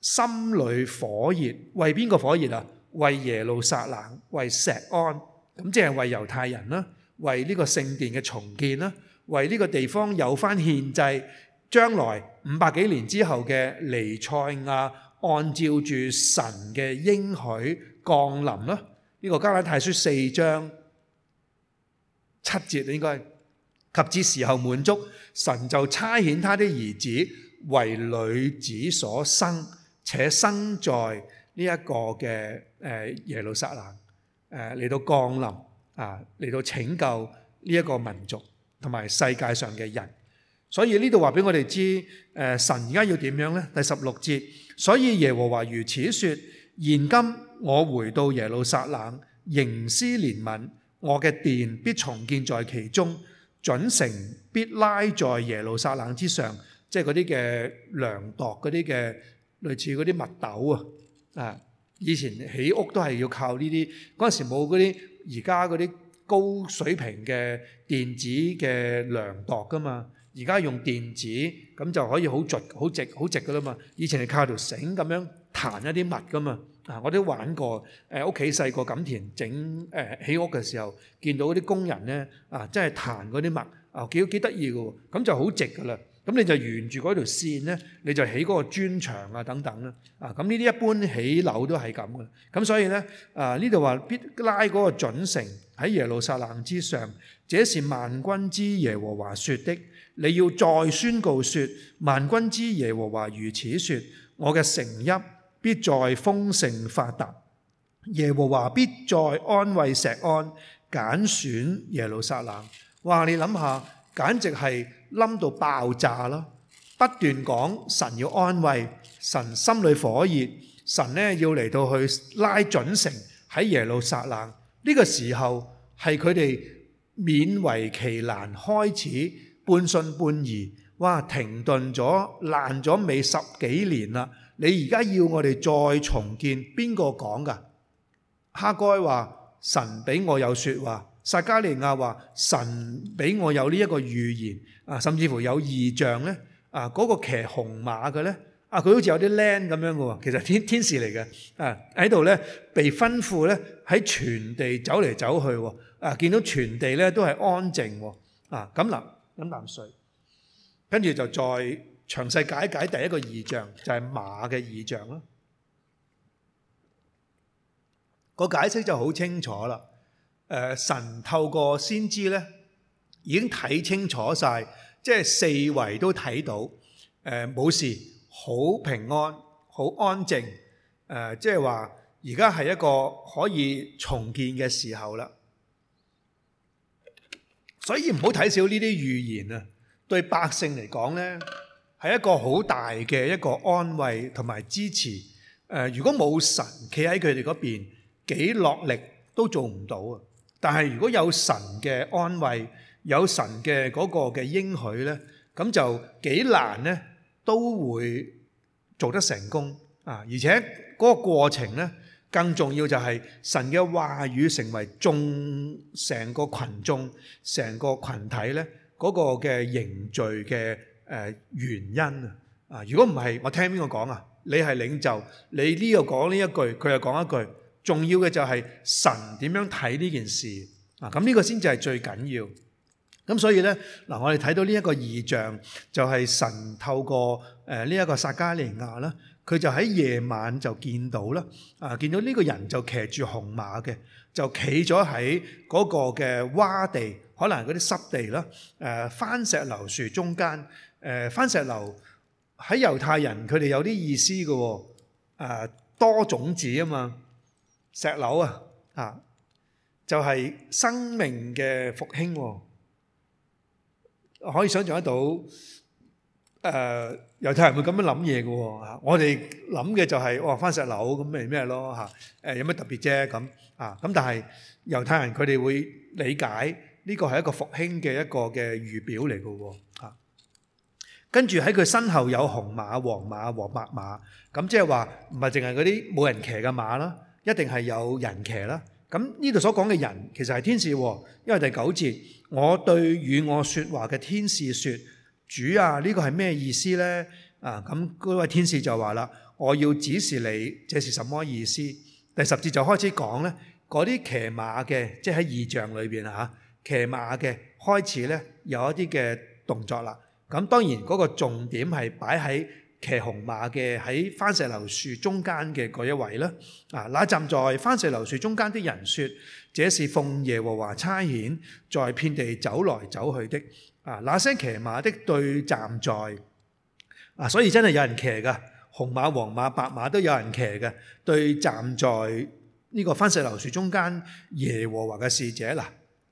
心裏火熱，為邊個火熱啊？為耶路撒冷，為錫安，咁即係為猶太人啦。為呢個聖殿嘅重建啦，為呢個地方有翻獻祭，將來五百幾年之後嘅彌賽亞，按照住神嘅應許降臨啦。呢個加拉太書四章七節，應該及至時候滿足，神就差遣他的兒子為女子所生，且生在呢一個嘅誒耶路撒冷誒嚟到降臨。啊！嚟到拯救呢一個民族同埋世界上嘅人，所以呢度話俾我哋知，誒、呃、神而家要點樣呢？第十六節，所以耶和華如此説：現今我回到耶路撒冷，仍施憐憫，我嘅殿必重建在其中，準繩必拉在耶路撒冷之上，即係嗰啲嘅量度，嗰啲嘅類似嗰啲墨斗啊！啊，以前起屋都係要靠呢啲，嗰陣時冇嗰啲。而家嗰啲高水平嘅電子嘅量度㗎嘛，而家用電子咁就可以好準、好直、好直㗎啦嘛。以前係靠條繩咁樣彈一啲物㗎嘛，啊，我都玩過。誒、呃，呃、屋企細個耕田整誒起屋嘅時候，見到嗰啲工人咧，啊，真係彈嗰啲物啊，幾幾得意㗎喎，咁就好直㗎啦。咁你就沿住嗰條線咧，你就起嗰個磚牆啊等等啦、啊。啊，咁呢啲一般起樓都係咁嘅。咁、啊、所以咧，啊呢度話必拉嗰個準繩喺耶路撒冷之上，這是萬軍之耶和華説的。你要再宣告説，萬軍之耶和華如此説：我嘅城邑必再豐盛發達，耶和華必再安慰錫安，揀選耶路撒冷。哇！你諗下。簡直係冧到爆炸咯！不斷講神要安慰，神心裏火熱，神呢要嚟到去拉準繩喺耶路撒冷。呢、這個時候係佢哋勉為其難開始半信半疑。哇！停頓咗爛咗尾十幾年啦，你而家要我哋再重建，邊個講㗎？哈該話神俾我有説話。撒迦利亞話：神俾我有呢一個預言啊，甚至乎有異象咧啊，嗰、嗰個騎紅馬嘅咧啊，佢好似有啲靚咁樣嘅，其實天天使嚟嘅啊，喺度咧被吩咐咧喺全地走嚟走去，啊見到全地咧都係安靜，啊咁嗱，飲啖水，跟住就再詳細解解第一個異象就係、是、馬嘅異象啦，個解釋就好清楚啦。誒、呃、神透過先知咧，已經睇清楚晒，即係四圍都睇到，誒、呃、冇事，好平安，好安靜，誒、呃、即係話而家係一個可以重建嘅時候啦。所以唔好睇少呢啲預言啊，對百姓嚟講咧係一個好大嘅一個安慰同埋支持。誒、呃、如果冇神企喺佢哋嗰邊，幾落力都做唔到啊！但係如果有神嘅安慰，有神嘅嗰個嘅應許咧，咁就幾難咧，都會做得成功啊！而且嗰個過程咧，更重要就係神嘅話語成為眾成個羣眾、成個羣體咧嗰個嘅凝聚嘅誒原因啊！啊，如果唔係，我聽邊個講啊？你係領袖，你呢度講呢一句，佢又講一句。重要嘅就係神點樣睇呢件事啊！咁、這、呢個先至係最緊要。咁所以呢，嗱，我哋睇到呢一個異象，就係、是、神透過誒呢一個撒迦利亞啦，佢就喺夜晚就見到啦啊！見到呢個人就騎住紅馬嘅，就企咗喺嗰個嘅窪地，可能嗰啲濕地啦，誒、呃、番石榴樹中間，誒、呃、番石榴喺猶太人佢哋有啲意思嘅喎、啊，多種子啊嘛～石榴啊，嚇，就係生命嘅復興喎。可以想象得到，誒猶太人會咁樣諗嘢嘅喎嚇。我哋諗嘅就係哇，番石榴咁咪咩咯嚇？誒有咩特別啫咁啊？咁但係猶太人佢哋會理解呢個係一個復興嘅一個嘅預表嚟嘅喎嚇。跟住喺佢身後有紅馬、黃馬和白馬，咁即係話唔係淨係嗰啲冇人騎嘅馬啦。一定係有人騎啦，咁呢度所講嘅人其實係天使喎，因為第九節，我對與我說話嘅天使說：主啊，呢個係咩意思呢？啊，咁嗰位天使就話啦：我要指示你，這是什麼意思？第十節就開始講呢嗰啲騎馬嘅，即係喺異象裏面啊，騎馬嘅開始呢，有一啲嘅動作啦。咁當然嗰個重點係擺喺騎紅馬嘅喺番石榴樹中間嘅嗰一位啦。啊，那站在番石榴樹中間的人說：這是奉耶和華差遣，在遍地走來走去的。啊，那些騎馬的對站在啊，所以真係有人騎噶，紅馬、黃馬、白馬都有人騎嘅。對站在呢個番石榴樹中間耶和華嘅使者，嗱，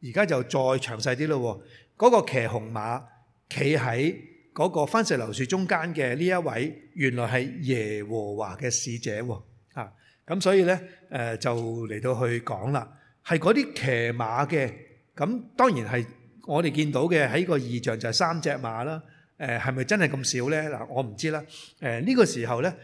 而家就再詳細啲咯，嗰個騎紅馬企喺嗰個番石榴樹中間嘅呢一位，原來係耶和華嘅使者喎，啊，咁所以咧，誒就嚟到去講啦，係嗰啲騎馬嘅，咁當然係我哋見到嘅喺個異象就係三隻馬啦，誒係咪真係咁少咧？嗱，我唔知啦，誒呢個時候咧，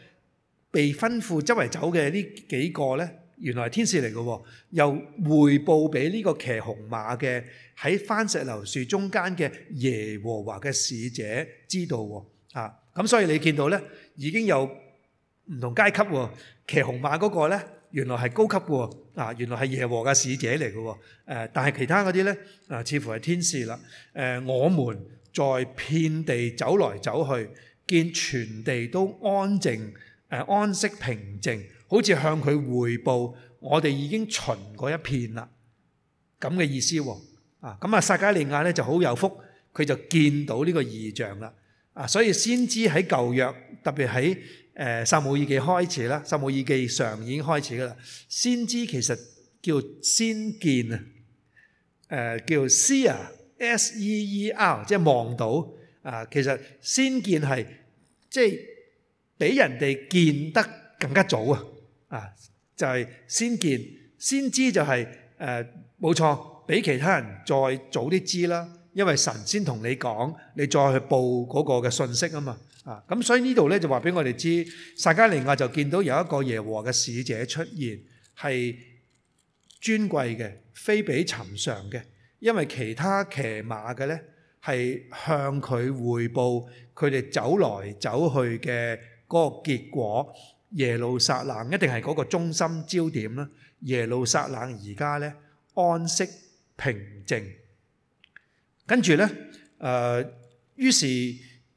被吩咐周圍走嘅呢幾個咧。原來係天使嚟嘅，又彙報俾呢個騎紅馬嘅喺番石榴樹中間嘅耶和華嘅使者知道喎。啊，咁所以你見到咧，已經有唔同階級喎。騎紅馬嗰個咧，原來係高級喎。啊，原來係耶和華嘅使者嚟嘅。誒，但係其他嗰啲咧，啊，似乎係天使啦。誒，我們在遍地走來走去，見全地都安靜，誒，安息平靜。好似向佢回報，我哋已經巡過一片啦，咁嘅意思喎。啊，咁啊，撒迦利亞咧就好有福，佢就見到呢個異象啦。啊，所以先知喺舊約，特別喺誒《撒母耳記》開始啦，《撒母耳記》上已經開始噶啦，先知其實叫先見啊，叫 seer 啊，s e e r，即係望到啊。其實先見係即係俾人哋見得更加早啊。啊！就係、是、先見先知就係誒，冇錯，俾、呃、其他人再早啲知啦。因為神先同你講，你再去報嗰個嘅信息啊嘛。啊，咁所以呢度咧就話俾我哋知，撒迦利亞就見到有一個耶和華嘅使者出現，係尊貴嘅，非比尋常嘅。因為其他騎馬嘅咧係向佢匯報佢哋走來走去嘅嗰個結果。耶路撒冷一定係嗰個中心焦點啦。耶路撒冷而家咧安息平靜，跟住咧誒，於是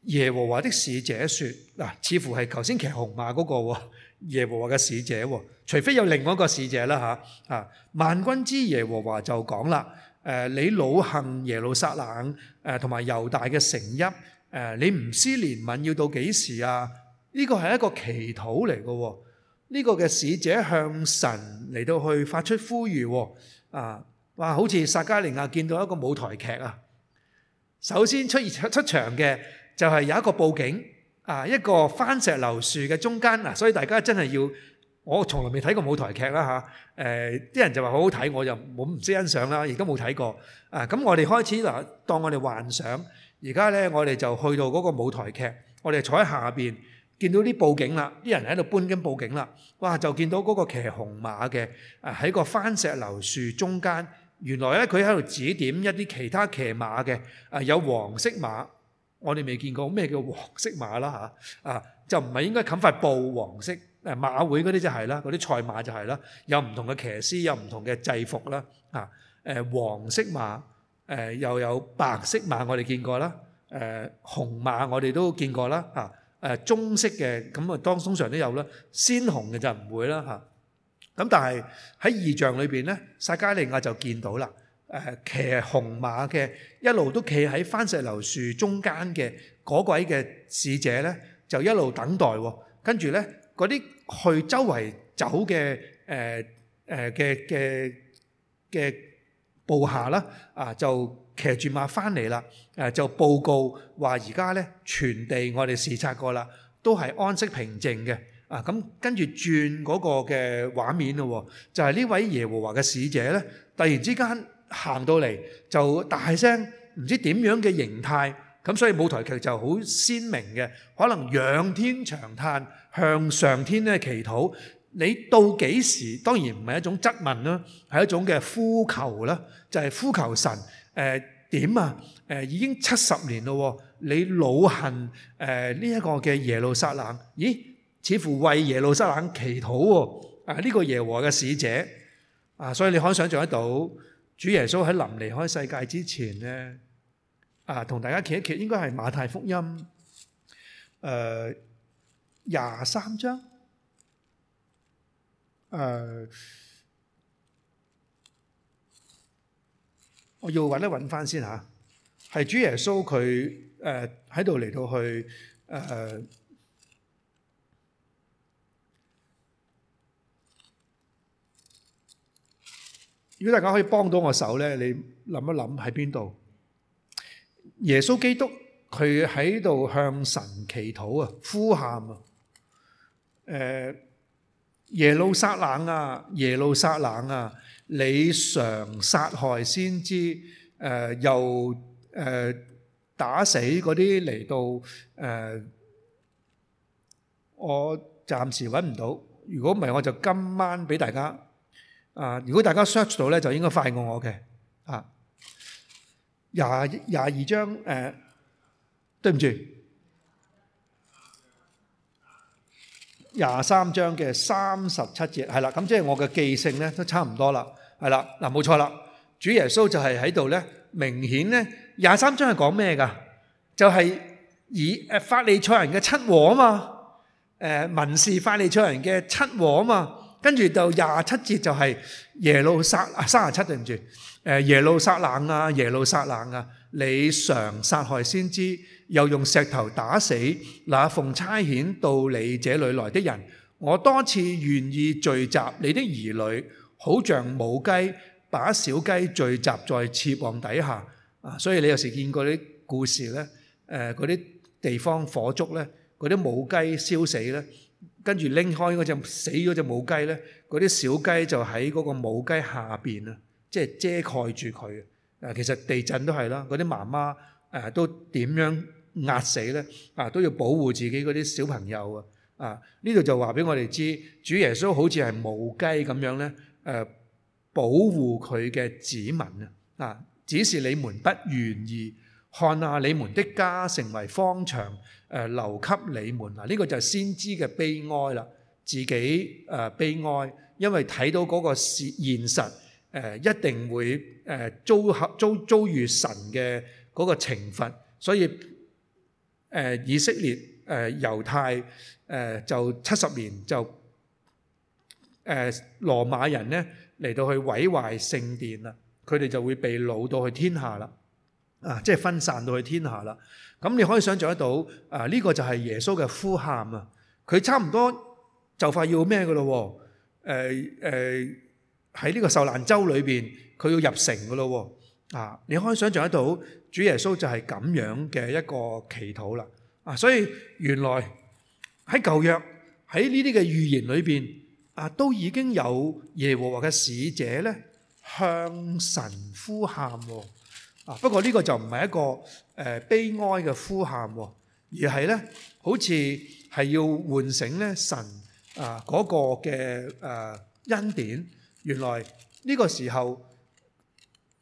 耶和華的使者說：嗱，似乎係頭先騎紅馬嗰個耶和華嘅使者，除非有另外一個使者啦吓啊。萬軍之耶和華就講啦：誒，你惱恨耶路撒冷誒，同埋猶大嘅城邑誒，你唔施憐憫要到幾時啊？呢、這個係一個祈禱嚟嘅喎，呢、這個嘅使者向神嚟到去發出呼籲喎，啊話好似撒迦利亞見到一個舞台劇啊，首先出現出，出場嘅就係有一個布景啊，一個番石榴樹嘅中間啊，所以大家真係要我從來未睇過舞台劇啦吓，誒、啊、啲、呃、人就話好好睇，我就冇唔識欣賞啦，而家冇睇過啊，咁我哋開始嗱，當我哋幻想而家呢，我哋就去到嗰個舞台劇，我哋坐喺下邊。見到啲布景啦，啲人喺度搬緊布景啦。哇！就見到嗰個騎紅馬嘅喺、啊、個番石榴樹中間。原來咧佢喺度指點一啲其他騎馬嘅啊，有黃色馬，我哋未見過咩叫黃色馬啦吓，啊，就唔係應該冚塊布黃色誒、啊、馬會嗰啲就係啦，嗰啲賽馬就係啦，有唔同嘅騎師，有唔同嘅制服啦嚇、啊啊、黃色馬、啊、又有白色馬，我哋見過啦誒、啊、紅馬我哋都見過啦、啊誒，棕色嘅咁啊，當通常都有啦，鮮紅嘅就唔會啦嚇。咁但係喺異象裏邊咧，撒迦利亞就見到啦。誒，騎紅馬嘅一路都企喺番石榴樹中間嘅嗰位嘅使者咧，就一路等待喎。跟住咧，嗰啲去周圍走嘅誒誒嘅嘅嘅部下啦，啊就～騎住馬翻嚟啦，誒就報告話而家咧全地我哋視察過啦，都係安息平靜嘅。啊，咁跟住轉嗰個嘅畫面咯，就係呢位耶和華嘅使者咧，突然之間行到嚟就大聲，唔知點樣嘅形態。咁所以舞台劇就好鮮明嘅，可能仰天長嘆，向上天咧祈禱。你到幾時？當然唔係一種質問啦，係一種嘅呼求啦，就係呼求神。誒點啊？誒、呃、已經七十年咯，你老恨誒呢一個嘅耶路撒冷？咦，似乎為耶路撒冷祈禱喎、哦。啊，呢、這個耶和華嘅使者啊，所以你可以想象得到，主耶穌喺臨離開世界之前咧，啊，同大家企一企，應該係馬太福音誒廿三章誒。呃我要揾一揾翻先吓，係主耶穌佢誒喺度嚟到去誒、呃。如果大家可以幫到我手咧，你諗一諗喺邊度？耶穌基督佢喺度向神祈禱啊，呼喊啊！誒、呃，耶路撒冷啊，耶路撒冷啊！你常殺害先知，誒又誒打死嗰啲嚟到，誒我暫時揾唔到。如果唔係，我就今晚俾大家啊！如果大家 search 到咧，就應該快過我嘅啊，廿廿二張誒，對唔住。廿三章嘅三十七節係啦，咁即係我嘅記性咧都差唔多啦，係啦，嗱冇錯啦，主耶穌就係喺度咧，明顯咧廿三章係講咩噶？就係、誒、以法利賽人嘅七禍啊嘛，誒文士法利賽人嘅七禍啊嘛，跟住就廿七節就係耶路撒啊三十七對唔住，耶路撒冷啊耶路撒冷啊，你常殺害先知。又用石頭打死那奉差遣到你這裏來的人。我多次願意聚集你的兒女，好像母雞把小雞聚集在翅膀底下。啊，所以你有時見過啲故事咧，誒嗰啲地方火燭咧，嗰啲母雞燒死咧，跟住拎開嗰隻死嗰隻母雞咧，嗰啲小雞就喺嗰個母雞下邊啊，即係遮蓋住佢。啊，其實地震都係啦，嗰啲媽媽誒都點樣？壓死咧啊！都要保護自己嗰啲小朋友啊！啊，呢度就話俾我哋知，主耶穌好似係母雞咁樣咧，誒保護佢嘅子民啊！啊，只是、啊、你們不願意看下你們的家成為荒場，誒、啊、留給你們啊！呢、這個就係先知嘅悲哀啦，自己誒、啊、悲哀，因為睇到嗰個是現實、啊，一定會誒、啊、遭遭遭遇神嘅嗰個懲罰，所以。誒、呃、以色列誒、呃、猶太誒、呃、就七十年就誒、呃、羅馬人咧嚟到去毀壞聖殿啦，佢哋就會被擄到去天下啦，啊即係分散到去天下啦。咁你可以想像得到啊，呢、這個就係耶穌嘅呼喊啊！佢差唔多就快要咩嘅咯喎？誒喺呢個受難週裏邊，佢要入城嘅咯喎啊！你可以想像得到。主耶穌就係咁樣嘅一個祈禱啦，啊，所以原來喺舊約喺呢啲嘅預言裏邊啊，都已經有耶和華嘅使者咧向神呼喊喎，啊，不過呢個就唔係一個誒悲哀嘅呼喊喎，而係咧好似係要喚醒咧神啊嗰個嘅誒恩典，原來呢個時候。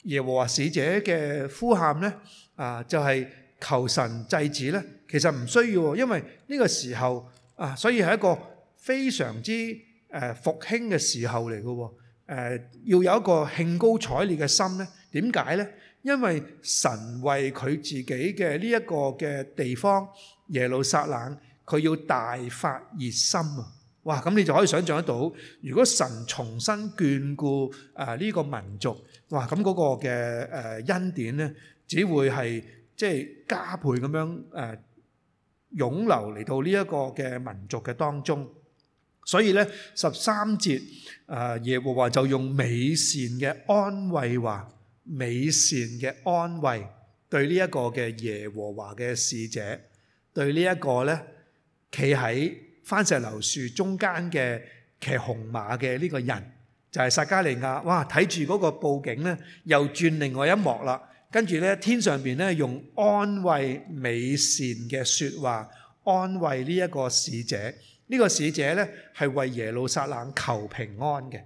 耶和華使者嘅呼喊呢，啊，就係求神制止呢。其實唔需要，因為呢個時候啊，所以係一個非常之誒復興嘅時候嚟嘅。誒，要有一個興高采烈嘅心呢，點解呢？因為神為佢自己嘅呢一個嘅地方耶路撒冷，佢要大發熱心啊！哇，咁你就可以想象得到，如果神重新眷顧誒呢個民族。哇！咁嗰個嘅誒恩典呢，只會係即係加倍咁樣誒湧流嚟到呢一個嘅民族嘅當中，所以呢十三節啊，耶和華就用美善嘅安慰話，美善嘅安慰對呢一個嘅耶和華嘅使者，對呢一個呢，企喺番石榴樹中間嘅騎紅馬嘅呢個人。就係撒迦利亞，哇！睇住嗰個布景咧，又轉另外一幕啦。跟住咧，天上邊咧用安慰美善嘅説話安慰呢一個使者。呢個使者咧係為耶路撒冷求平安嘅。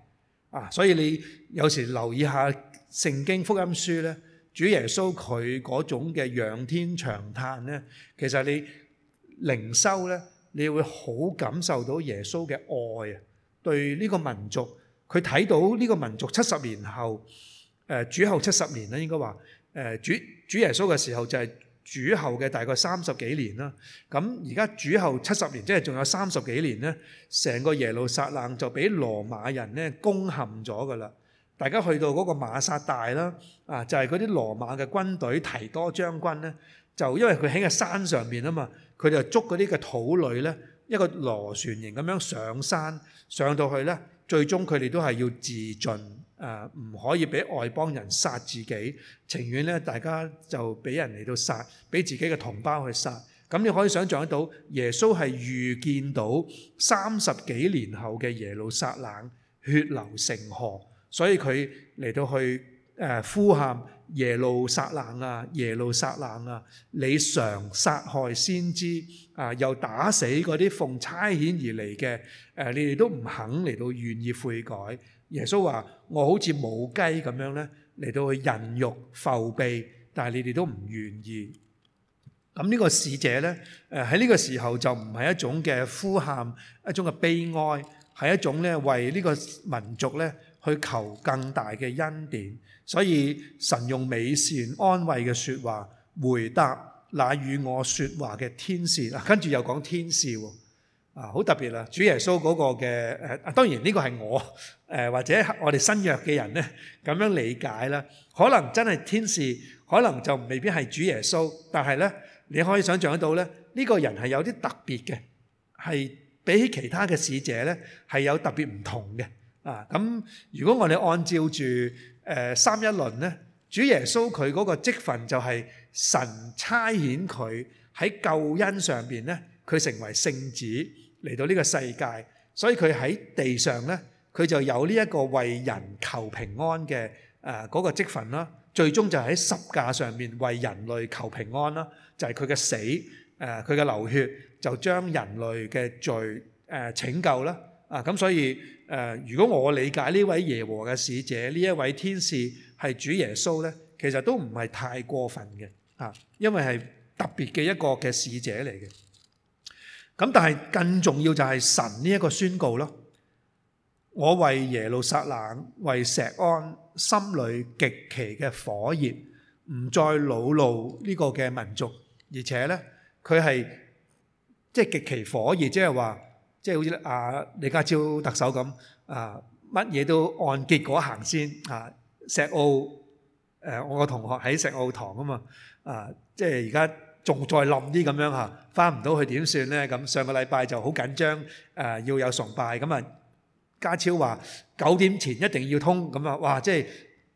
啊，所以你有時留意下聖經福音書咧，主耶穌佢嗰種嘅仰天長嘆咧，其實你靈修咧，你會好感受到耶穌嘅愛啊，對呢個民族。佢睇到呢個民族七十年後，誒主後七十年咧，應該話誒主主耶穌嘅時候就係主後嘅大概三十幾年啦。咁而家主後七十年，即係仲有三十幾年咧，成個耶路撒冷就俾羅馬人咧攻陷咗㗎啦。大家去到嗰個馬薩大啦，啊就係嗰啲羅馬嘅軍隊提多將軍咧，就因為佢喺個山上邊啊嘛，佢就捉嗰啲嘅土女咧，一個螺旋形咁樣上山，上到去咧。最終佢哋都係要自盡，誒唔可以俾外邦人殺自己，情願咧大家就俾人嚟到殺，俾自己嘅同胞去殺。咁你可以想象得到，耶穌係預見到三十幾年後嘅耶路撒冷血流成河，所以佢嚟到去。誒、呃、呼喊耶路撒冷啊，耶路撒冷啊！你常殺害先知啊、呃，又打死嗰啲奉差遣而嚟嘅誒，你哋都唔肯嚟到願意悔改。耶穌話：我好似母雞咁樣咧，嚟到去人肉浮鼻，但係你哋都唔願意。咁呢個使者咧，誒喺呢個時候就唔係一種嘅呼喊，一種嘅悲哀，係一種咧為呢個民族咧去求更大嘅恩典。所以神用美善安慰嘅說話回答那與我說話嘅天使，啊、跟住又講天使喎，啊好特別啦！主耶穌嗰個嘅誒、啊，當然呢個係我誒、啊、或者我哋新約嘅人咧咁樣理解啦，可能真係天使，可能就未必係主耶穌，但係咧你可以想象得到咧呢、呢個人係有啲特別嘅，係比起其他嘅使者咧係有特別唔同嘅啊！咁如果我哋按照住。誒三一論咧，主耶穌佢嗰個職份就係神差遣佢喺救恩上邊咧，佢成為聖子嚟到呢個世界，所以佢喺地上咧，佢就有呢一個為人求平安嘅誒嗰個職份啦。最終就喺十架上面為人類求平安啦，就係佢嘅死誒，佢嘅流血就將人類嘅罪誒拯救啦。啊咁所以。誒，如果我理解呢位耶和嘅使者，呢一位天使係主耶穌咧，其實都唔係太過分嘅吓，因為係特別嘅一個嘅使者嚟嘅。咁但係更重要就係神呢一個宣告咯，我為耶路撒冷、為錫安，心裏極其嘅火熱，唔再惱怒呢個嘅民族，而且咧佢係即係極其火熱即係話。即係好似咧啊，李家超特首咁啊，乜嘢都按結果行先啊！石澳誒，我個同學喺石澳堂啊嘛啊，即係而家仲再冧啲咁樣嚇，翻唔到去點算咧？咁上個禮拜就好緊張誒，要有崇拜咁啊。家超話九點前一定要通咁啊！哇，即係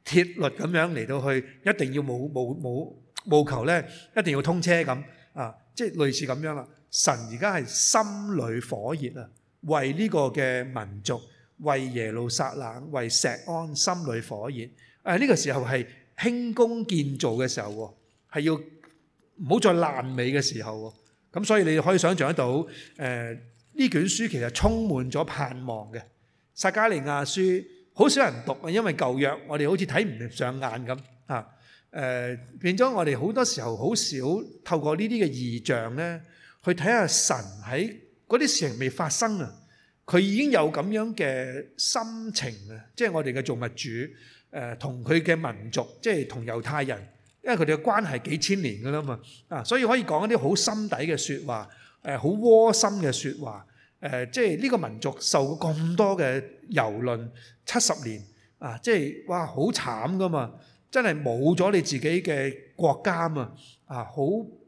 鐵律咁樣嚟到去，一定要冇冇冇務求咧，一定要通車咁啊！即係類似咁樣啦。神而家係心裏火熱啊！為呢個嘅民族，為耶路撒冷，為石安心裏火，心裏火熱。誒、這、呢個時候係興工建造嘅時候喎，係要唔好再爛尾嘅時候喎。咁所以你可以想象得到，誒、呃、呢卷書其實充滿咗盼望嘅。撒迦利亞書好少人讀啊，因為舊約我哋好似睇唔上眼咁啊。誒、呃、變咗我哋好多時候好少透過這些呢啲嘅異象咧。去睇下神喺嗰啲事情未發生啊，佢已經有咁樣嘅心情啊，即係我哋嘅造物主、呃、同佢嘅民族，即係同猶太人，因為佢哋嘅關係幾千年噶啦嘛啊，所以可以講一啲好心底嘅說話，好、呃、窩心嘅說話，呃、即係呢個民族受過咁多嘅遊論七十年啊，即係哇好慘噶嘛，真係冇咗你自己嘅國家嘛啊好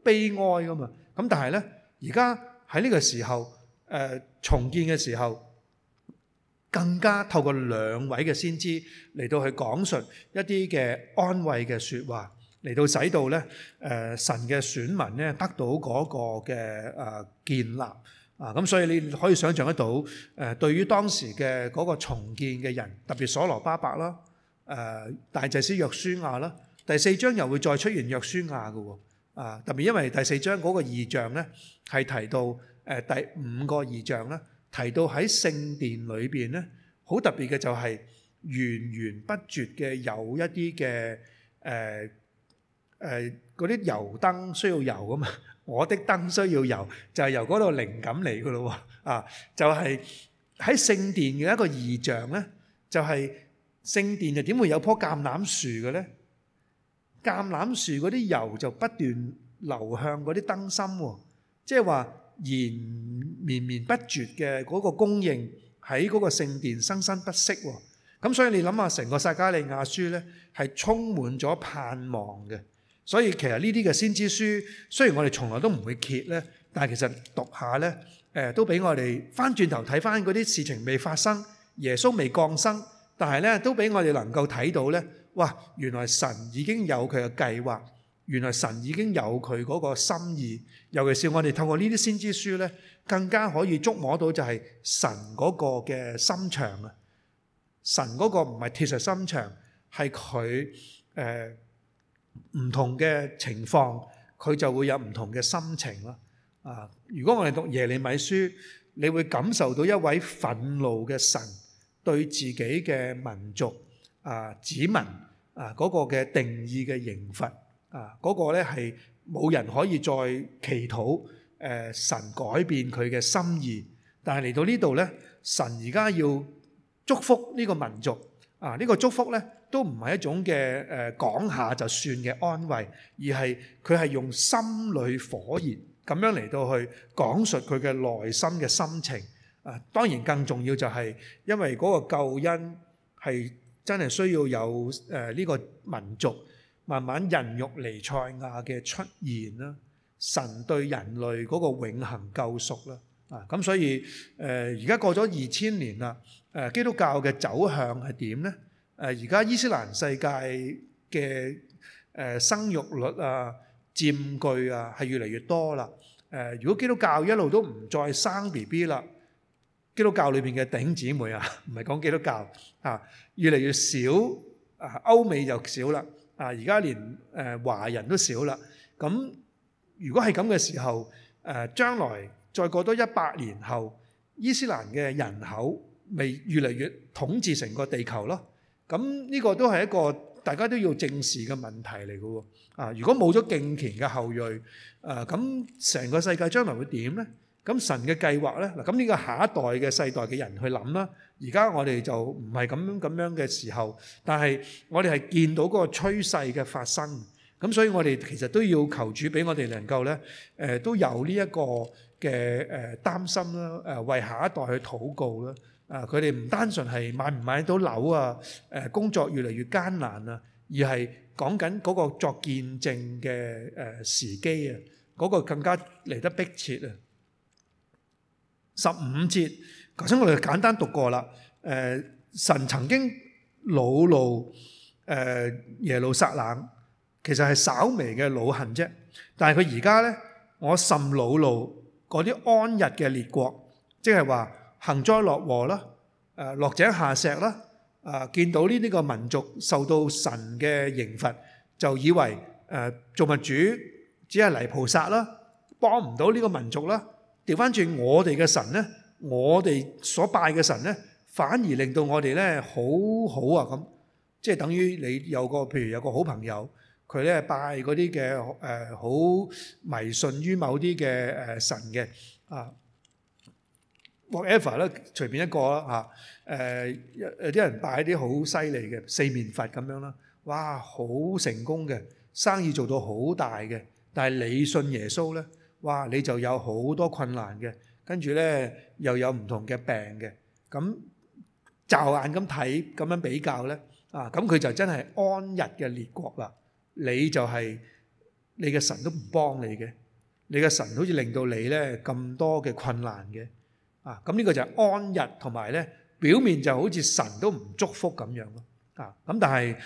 悲哀噶嘛，咁但係呢。而家喺呢個時候，誒、呃、重建嘅時候，更加透過兩位嘅先知嚟到去講述一啲嘅安慰嘅説話，嚟到使到咧誒神嘅選民咧得到嗰個嘅誒、呃、建立啊！咁所以你可以想像得到，誒、呃、對於當時嘅嗰個重建嘅人，特別所羅巴伯啦，誒、呃、大祭司約書亞啦，第四章又會再出現約書亞嘅喎。啊！特別因為第四章嗰個異象咧，係提到誒第五個異象咧，提到喺聖殿裏邊咧，好特別嘅就係源源不絕嘅有一啲嘅誒誒嗰啲油燈需要油啊嘛，我的燈需要油，就係由嗰度靈感嚟嘅咯喎啊！就係喺聖殿嘅一個異象咧，就係聖殿係點會有棵橄欖樹嘅咧？橄欖樹嗰啲油就不斷流向嗰啲燈芯喎，即係話延綿綿不絕嘅嗰個供應喺嗰個聖殿生生不息喎。咁所以你諗下，成個撒迦利亞書呢係充滿咗盼望嘅。所以其實呢啲嘅先知書，雖然我哋從來都唔會揭呢，但係其實讀下呢，誒都俾我哋翻轉頭睇翻嗰啲事情未發生，耶穌未降生，但係呢都俾我哋能夠睇到呢。哇！原來神已經有佢嘅計劃，原來神已經有佢嗰個心意。尤其是我哋透過呢啲先知書咧，更加可以觸摸到就係神嗰個嘅心腸啊！神嗰個唔係鐵石心腸，係佢誒唔同嘅情況，佢就會有唔同嘅心情咯。啊！如果我哋讀耶利米書，你會感受到一位憤怒嘅神對自己嘅民族啊子民。啊！嗰個嘅定義嘅刑罰，啊嗰個咧係冇人可以再祈禱，誒神改變佢嘅心意。但係嚟到呢度咧，神而家要祝福呢個民族，啊呢個祝福咧都唔係一種嘅誒講下就算嘅安慰，而係佢係用心裏火熱咁樣嚟到去講述佢嘅內心嘅心情。啊，當然更重要就係因為嗰個救恩係。真係需要有誒呢個民族慢慢孕育彌賽亞嘅出現啦，神對人類嗰個永恆救贖啦啊！咁所以誒而家過咗二千年啦，誒基督教嘅走向係點呢？誒而家伊斯蘭世界嘅誒生育率啊、佔據啊係越嚟越多啦。誒如果基督教一路都唔再生 BB 啦，基督教裏邊嘅頂姊妹啊，唔係講基督教啊～越嚟越少，啊歐美就少啦，啊而家連誒華人都少啦。咁如果係咁嘅時候，誒將來再過多一百年後，伊斯蘭嘅人口咪越嚟越統治成個地球咯。咁呢個都係一個大家都要正視嘅問題嚟嘅喎。啊，如果冇咗敬虔嘅後裔，啊咁成個世界將來會點呢？咁神嘅計劃呢，嗱咁呢個下一代嘅世代嘅人去諗啦。而家我哋就唔係咁樣咁樣嘅時候，但係我哋係見到嗰個趨勢嘅發生，咁所以我哋其實都要求主俾我哋能夠呢，誒都有呢一個嘅誒擔心啦，誒為下一代去禱告啦。啊，佢哋唔單純係買唔買到樓啊，誒工作越嚟越艱難啊，而係講緊嗰個作見證嘅誒時機啊，嗰個更加嚟得迫切啊！15節，調翻轉我哋嘅神呢，我哋所拜嘅神呢，反而令到我哋呢好好啊，咁，即係等於你有個譬如有個好朋友，佢呢拜嗰啲嘅好迷信於某啲嘅神嘅啊，whatever 啦，隨便一個啦吓、啊呃，有啲人拜啲好犀利嘅四面佛咁樣啦，哇，好成功嘅生意做到好大嘅，但係你信耶穌呢？哇！你就有好多困難嘅，跟住咧又有唔同嘅病嘅，咁驟眼咁睇咁樣比較咧，啊！咁佢就真係安逸嘅列國啦，你就係你嘅神都唔幫你嘅，你嘅神好似令到你咧咁多嘅困難嘅，啊！咁呢個就係安逸，同埋咧表面就好似神都唔祝福咁樣咯，啊！咁但係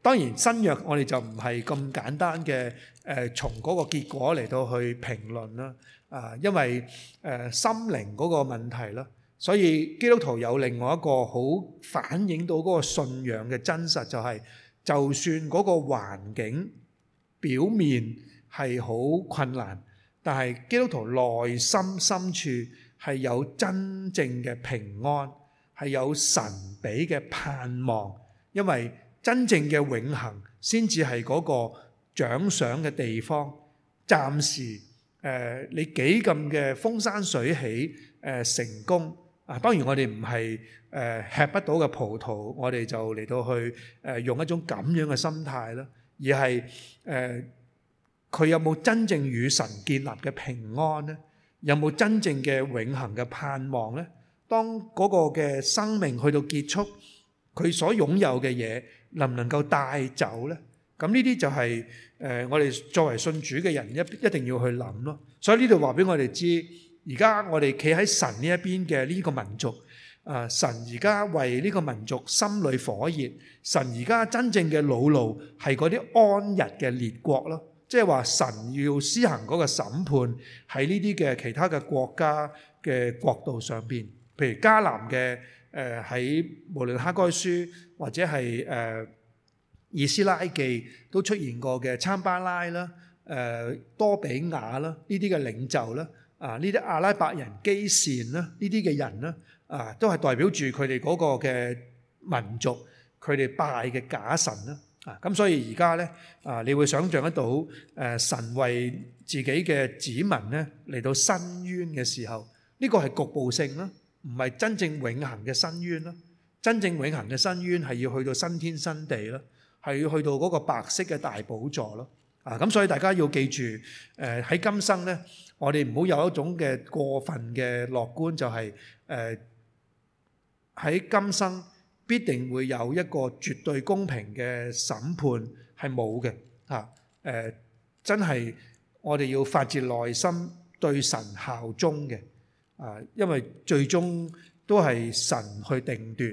當然新約我哋就唔係咁簡單嘅。誒從嗰個結果嚟到去評論啦，啊，因為誒心靈嗰個問題啦，所以基督徒有另外一個好反映到嗰個信仰嘅真實，就係就算嗰個環境表面係好困難，但係基督徒內心深處係有真正嘅平安，係有神俾嘅盼望，因為真正嘅永恆先至係嗰個獎賞嘅地方，暫時誒，你幾咁嘅風山水起誒成功啊！當然我哋唔係誒吃不到嘅葡萄，我哋就嚟到去誒用一種咁樣嘅心態啦，而係誒佢有冇真正與神建立嘅平安呢？有冇真正嘅永恒嘅盼望呢？當嗰個嘅生命去到結束，佢所擁有嘅嘢能唔能夠帶走呢？咁呢啲就係。誒、呃，我哋作為信主嘅人一一定要去諗咯。所以呢度話俾我哋知，而家我哋企喺神呢一邊嘅呢個民族，呃、神而家為呢個民族心裏火熱。神而家真正嘅老路係嗰啲安逸嘅列國咯，即係話神要施行嗰個審判喺呢啲嘅其他嘅國家嘅國度上邊，譬如迦南嘅誒，喺、呃、無論哈該書或者係誒。呃以斯拉記都出現過嘅參巴拉啦、誒多比亞啦呢啲嘅領袖啦，啊呢啲阿拉伯人基善啦，呢啲嘅人啦，啊都係代表住佢哋嗰個嘅民族，佢哋拜嘅假神啦，啊咁所以而家咧啊，你會想象得到誒神為自己嘅子民咧嚟到伸冤嘅時候，呢個係局部性啦，唔係真正永恆嘅伸冤啦，真正永恆嘅伸冤係要去到新天新地啦。係要去到嗰個白色嘅大寶座咯。啊，咁所以大家要記住，誒喺今生呢，我哋唔好有一種嘅過分嘅樂觀，就係誒喺今生必定會有一個絕對公平嘅審判係冇嘅。嚇誒，真係我哋要發自內心對神效忠嘅。啊，因為最終都係神去定奪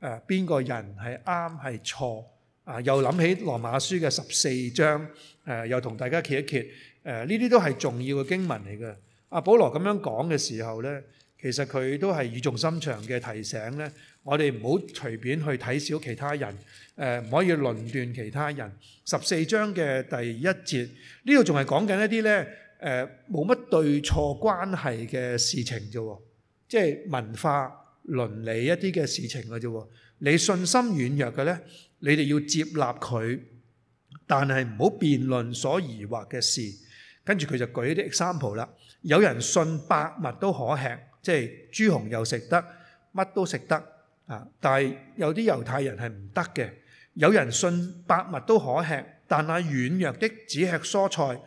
誒邊個人係啱係錯。啊！又諗起羅馬書嘅十四章，誒、啊、又同大家揭一揭，誒呢啲都係重要嘅經文嚟嘅。阿、啊、保羅咁樣講嘅時候呢，其實佢都係語重心長嘅提醒呢，我哋唔好隨便去睇小其他人，誒、啊、唔可以論斷其他人。十四章嘅第一節，呢度仲係講緊一啲呢誒冇乜對錯關係嘅事情啫，即、就、係、是、文化倫理一啲嘅事情嘅啫。你信心軟弱嘅呢。你哋要接納佢，但係唔好辯論所疑惑嘅事。跟住佢就舉啲 example 啦。有人信百物都可吃，即係豬紅又食得，乜都食得啊！但係有啲猶太人係唔得嘅。有人信百物都可吃，但係軟弱的只吃蔬菜，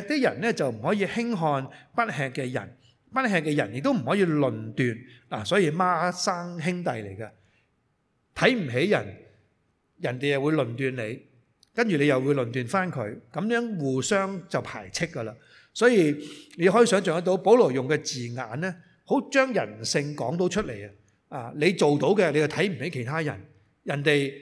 吃的人呢就唔可以輕看不吃嘅人，不吃嘅人亦都唔可以論斷嗱。所以孖生兄弟嚟嘅，睇唔起人。人哋又會論斷你，跟住你又會論斷翻佢，咁樣互相就排斥噶啦。所以你可以想象得到，保羅用嘅字眼呢，好將人性講到出嚟啊！啊，你做到嘅，你又睇唔起其他人，人哋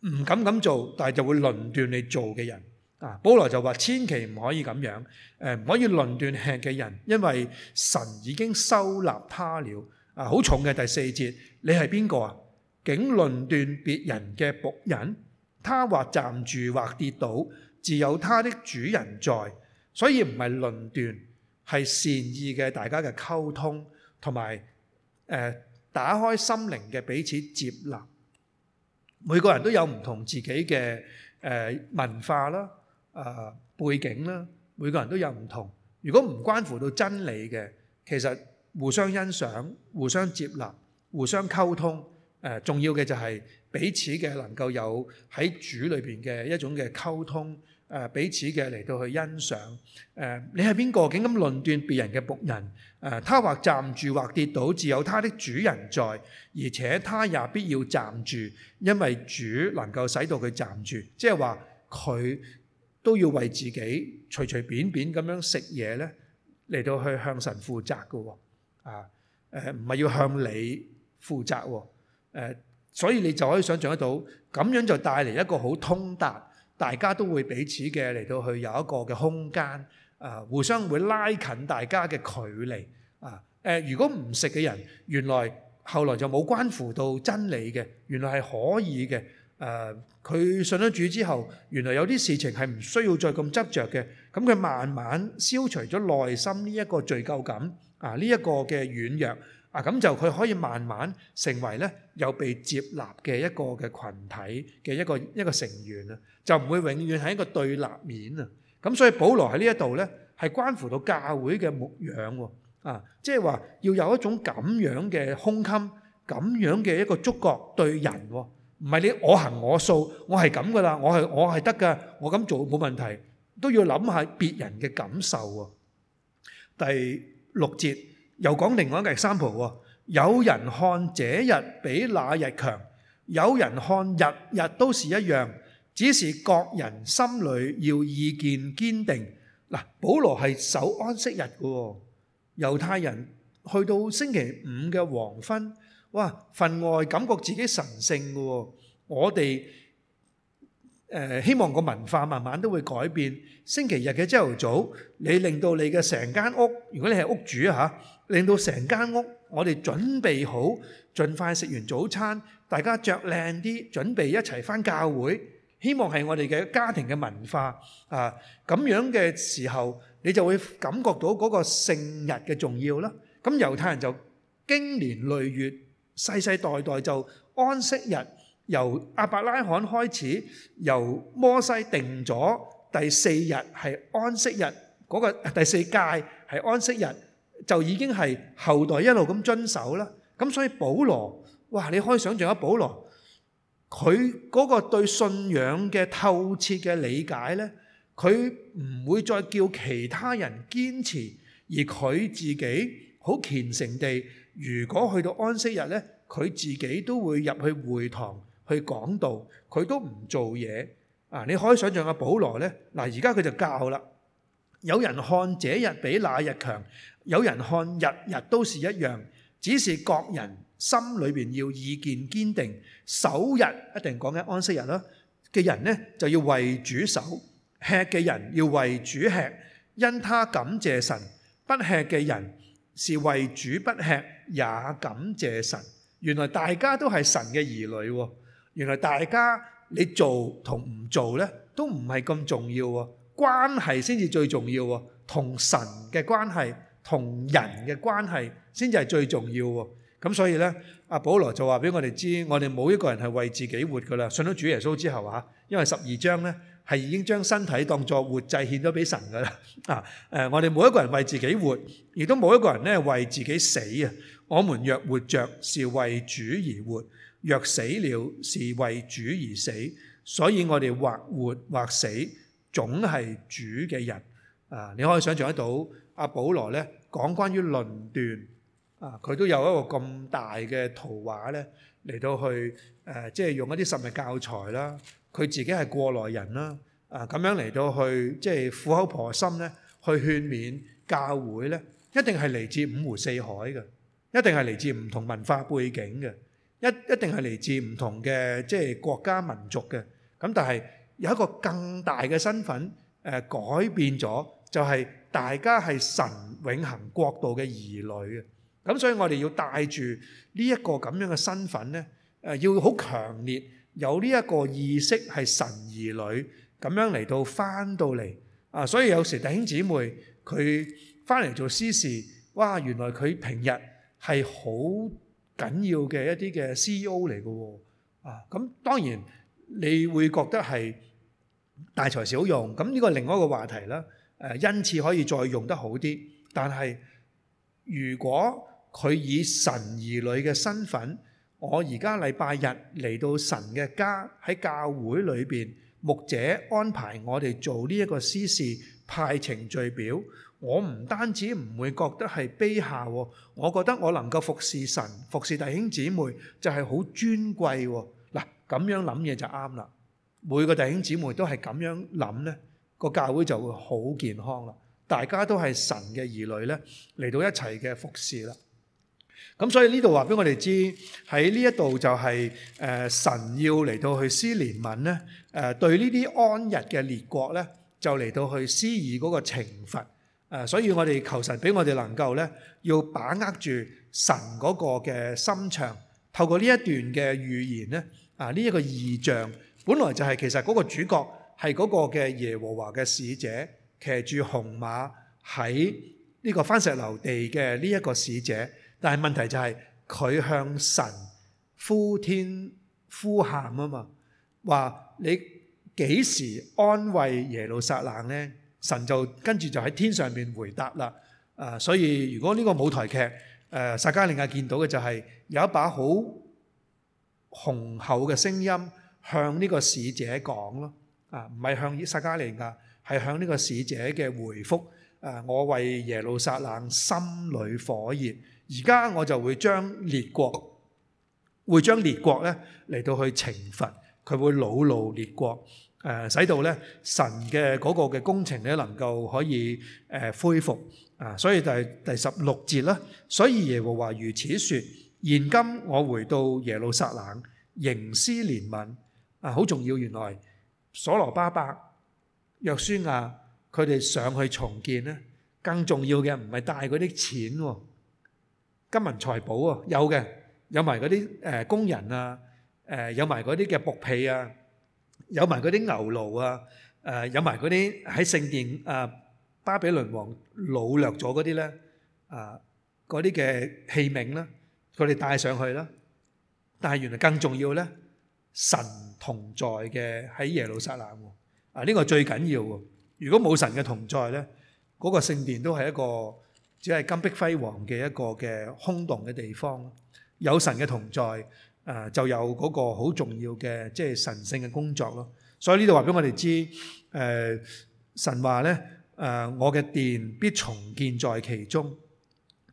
唔敢咁做，但係就會論斷你做嘅人啊！保羅就話：千祈唔可以咁樣，誒唔可以論斷吃嘅人，因為神已經收納他了啊！好重嘅第四節，你係邊個啊？竟論斷別人嘅僕人，他或站住或跌倒，自有他的主人在。所以唔係論斷，係善意嘅大家嘅溝通，同埋誒打開心靈嘅彼此接納。每個人都有唔同自己嘅誒文化啦，誒背景啦。每個人都有唔同。如果唔關乎到真理嘅，其實互相欣賞、互相接納、互相溝通。誒、啊、重要嘅就係彼此嘅能夠有喺主裏邊嘅一種嘅溝通，誒、啊、彼此嘅嚟到去欣賞，誒、啊、你係邊個竟敢論斷別人嘅僕人？誒、啊、他或站住或跌倒，自有他的主人在，而且他也必要站住，因為主能夠使到佢站住。即係話佢都要為自己隨隨便便咁樣食嘢咧，嚟到去向神負責㗎喎、哦，啊誒唔係要向你負責喎、哦。呃、所以你就可以想象得到，咁樣就帶嚟一個好通達，大家都會彼此嘅嚟到去有一個嘅空間，啊、呃，互相會拉近大家嘅距離，啊、呃呃，如果唔食嘅人，原來後來就冇關乎到真理嘅，原來係可以嘅，誒、呃，佢信咗主之後，原來有啲事情係唔需要再咁執着嘅，咁佢慢慢消除咗內心呢一個罪疚感，啊、呃，呢、呢、一個嘅軟弱。啊，咁就佢可以慢慢成為咧有被接納嘅一個嘅羣體嘅一個一個成員啊，就唔會永遠係一個對立面啊。咁所以保羅喺呢一度咧，係關乎到教會嘅牧養喎。啊，即係話要有一種咁樣嘅胸襟，咁樣嘅一個觸覺對人喎，唔係你我行我素，我係咁噶啦，我係我係得噶，我咁做冇問題，都要諗下別人嘅感受喎。第六節。又講另外一個三部喎。有人看這日比那日強，有人看日日都是一樣，只是各人心裡要意見堅定。嗱，保羅係守安息日㗎喎。猶太人去到星期五嘅黃昏，哇，份外感覺自己神聖㗎喎。我哋誒希望個文化慢慢都會改變。星期日嘅朝頭早，你令到你嘅成間屋，如果你係屋主吓。令到成間屋，我哋準備好，盡快食完早餐，大家著靚啲，準備一齊返教會。希望係我哋嘅家庭嘅文化啊！咁樣嘅時候，你就會感覺到嗰個聖日嘅重要啦。咁猶太人就經年累月、世世代代就安息日，由亞伯拉罕開始，由摩西定咗第四日係安息日，嗰個第四戒係安息日。就已經係後代一路咁遵守啦。咁所以保羅，哇！你可以想象下保羅，佢嗰個對信仰嘅透徹嘅理解呢，佢唔會再叫其他人堅持，而佢自己好虔誠地，如果去到安息日呢，佢自己都會入去會堂去講道，佢都唔做嘢。啊，你可以想象下保羅呢，嗱，而家佢就教啦，有人看這日比那日強。有人看日日都是一樣，只是各人心裏面要意見堅定。首日一定講緊安息日咯，嘅人呢，就要為主守，吃嘅人要為主吃，因他感謝神。不吃嘅人是為主不吃，也感謝神。原來大家都係神嘅兒女，原來大家你做同唔做呢，都唔係咁重要，關係先至最重要，同神嘅關係。同人嘅關係先至係最重要喎。咁所以呢，阿保羅就話俾我哋知，我哋冇一個人係為自己活噶啦。信咗主耶穌之後啊，因為十二章呢係已經將身體當作活祭獻咗俾神噶啦。啊，誒，我哋冇一個人為自己活，亦都冇一個人呢為自己死啊。我們若活着，是為主而活；若死了，是為主而死。所以我哋或活或死，總係主嘅人啊。你可以想象得到。阿保羅咧，講關於論斷。大家係神永恆國度嘅兒女嘅，咁所以我哋要帶住呢一個咁樣嘅身份咧，誒要好強烈有呢一個意識係神兒女咁樣嚟到返到嚟啊！所以有時弟兄姊妹佢返嚟做私事，哇！原來佢平日係好緊要嘅一啲嘅 CEO 嚟嘅喎啊！咁當然你會覺得係大材小用，咁呢個另外一個話題啦。誒，因此可以再用得好啲。但係，如果佢以神兒女嘅身份，我而家禮拜日嚟到神嘅家喺教會裏邊，牧者安排我哋做呢一個司事派程序表，我唔單止唔會覺得係卑下喎，我覺得我能夠服侍神、服侍弟兄姊妹就係好尊貴喎。嗱，咁樣諗嘢就啱啦。每個弟兄姊妹都係咁樣諗呢，個教會就會好健康啦！大家都係神嘅兒女、就是呃、呢，嚟到一齊嘅服侍啦。咁所以呢度話俾我哋知，喺呢一度就係神要嚟到去施憐憫呢，對呢啲安逸嘅列國呢，就嚟到去施以嗰個懲罰、呃。所以我哋求神俾我哋能夠呢，要把握住神嗰個嘅心腸。透過呢一段嘅預言呢，啊呢一個異象，本來就係其實嗰個主角。係嗰個嘅耶和華嘅使者，騎住紅馬喺呢個番石榴地嘅呢一個使者。但係問題就係佢向神呼天呼喊啊嘛，話你幾時安慰耶路撒冷呢？神就跟住就喺天上面回答啦。啊，所以如果呢個舞台劇，誒撒迦利亞見到嘅就係有一把好雄厚嘅聲音向呢個使者講咯。啊，唔係向撒迦利亞，係向呢個使者嘅回覆。啊，我為耶路撒冷心裏火熱，而家我就會將列國會將列國咧嚟到去懲罰佢，會惱怒列國，誒使到咧神嘅嗰個嘅工程咧能夠可以誒恢復啊。所以第第十六節啦，所以耶和華如此説：現今我回到耶路撒冷，仍施憐憫啊，好重要。原來。所羅巴伯、約書亞，佢哋上去重建咧，更重要嘅唔係帶嗰啲錢喎，金銀財寶喎，有嘅，有埋嗰啲誒工人啊，誒有埋嗰啲嘅薄被啊，有埋嗰啲牛奴啊，誒有埋嗰啲喺聖殿啊巴比倫王擄掠咗嗰啲咧，啊嗰啲嘅器皿啦，佢哋帶上去啦，但係原來更重要咧。神同在嘅喺耶路撒冷喎，啊呢、這個最緊要喎。如果冇神嘅同在呢，嗰、那個聖殿都係一個只係金碧輝煌嘅一個嘅空洞嘅地方。有神嘅同在，誒、啊、就有嗰個好重要嘅即係神聖嘅工作咯。所以呢度話俾我哋知，誒、呃、神話呢，誒、啊、我嘅殿必重建在其中，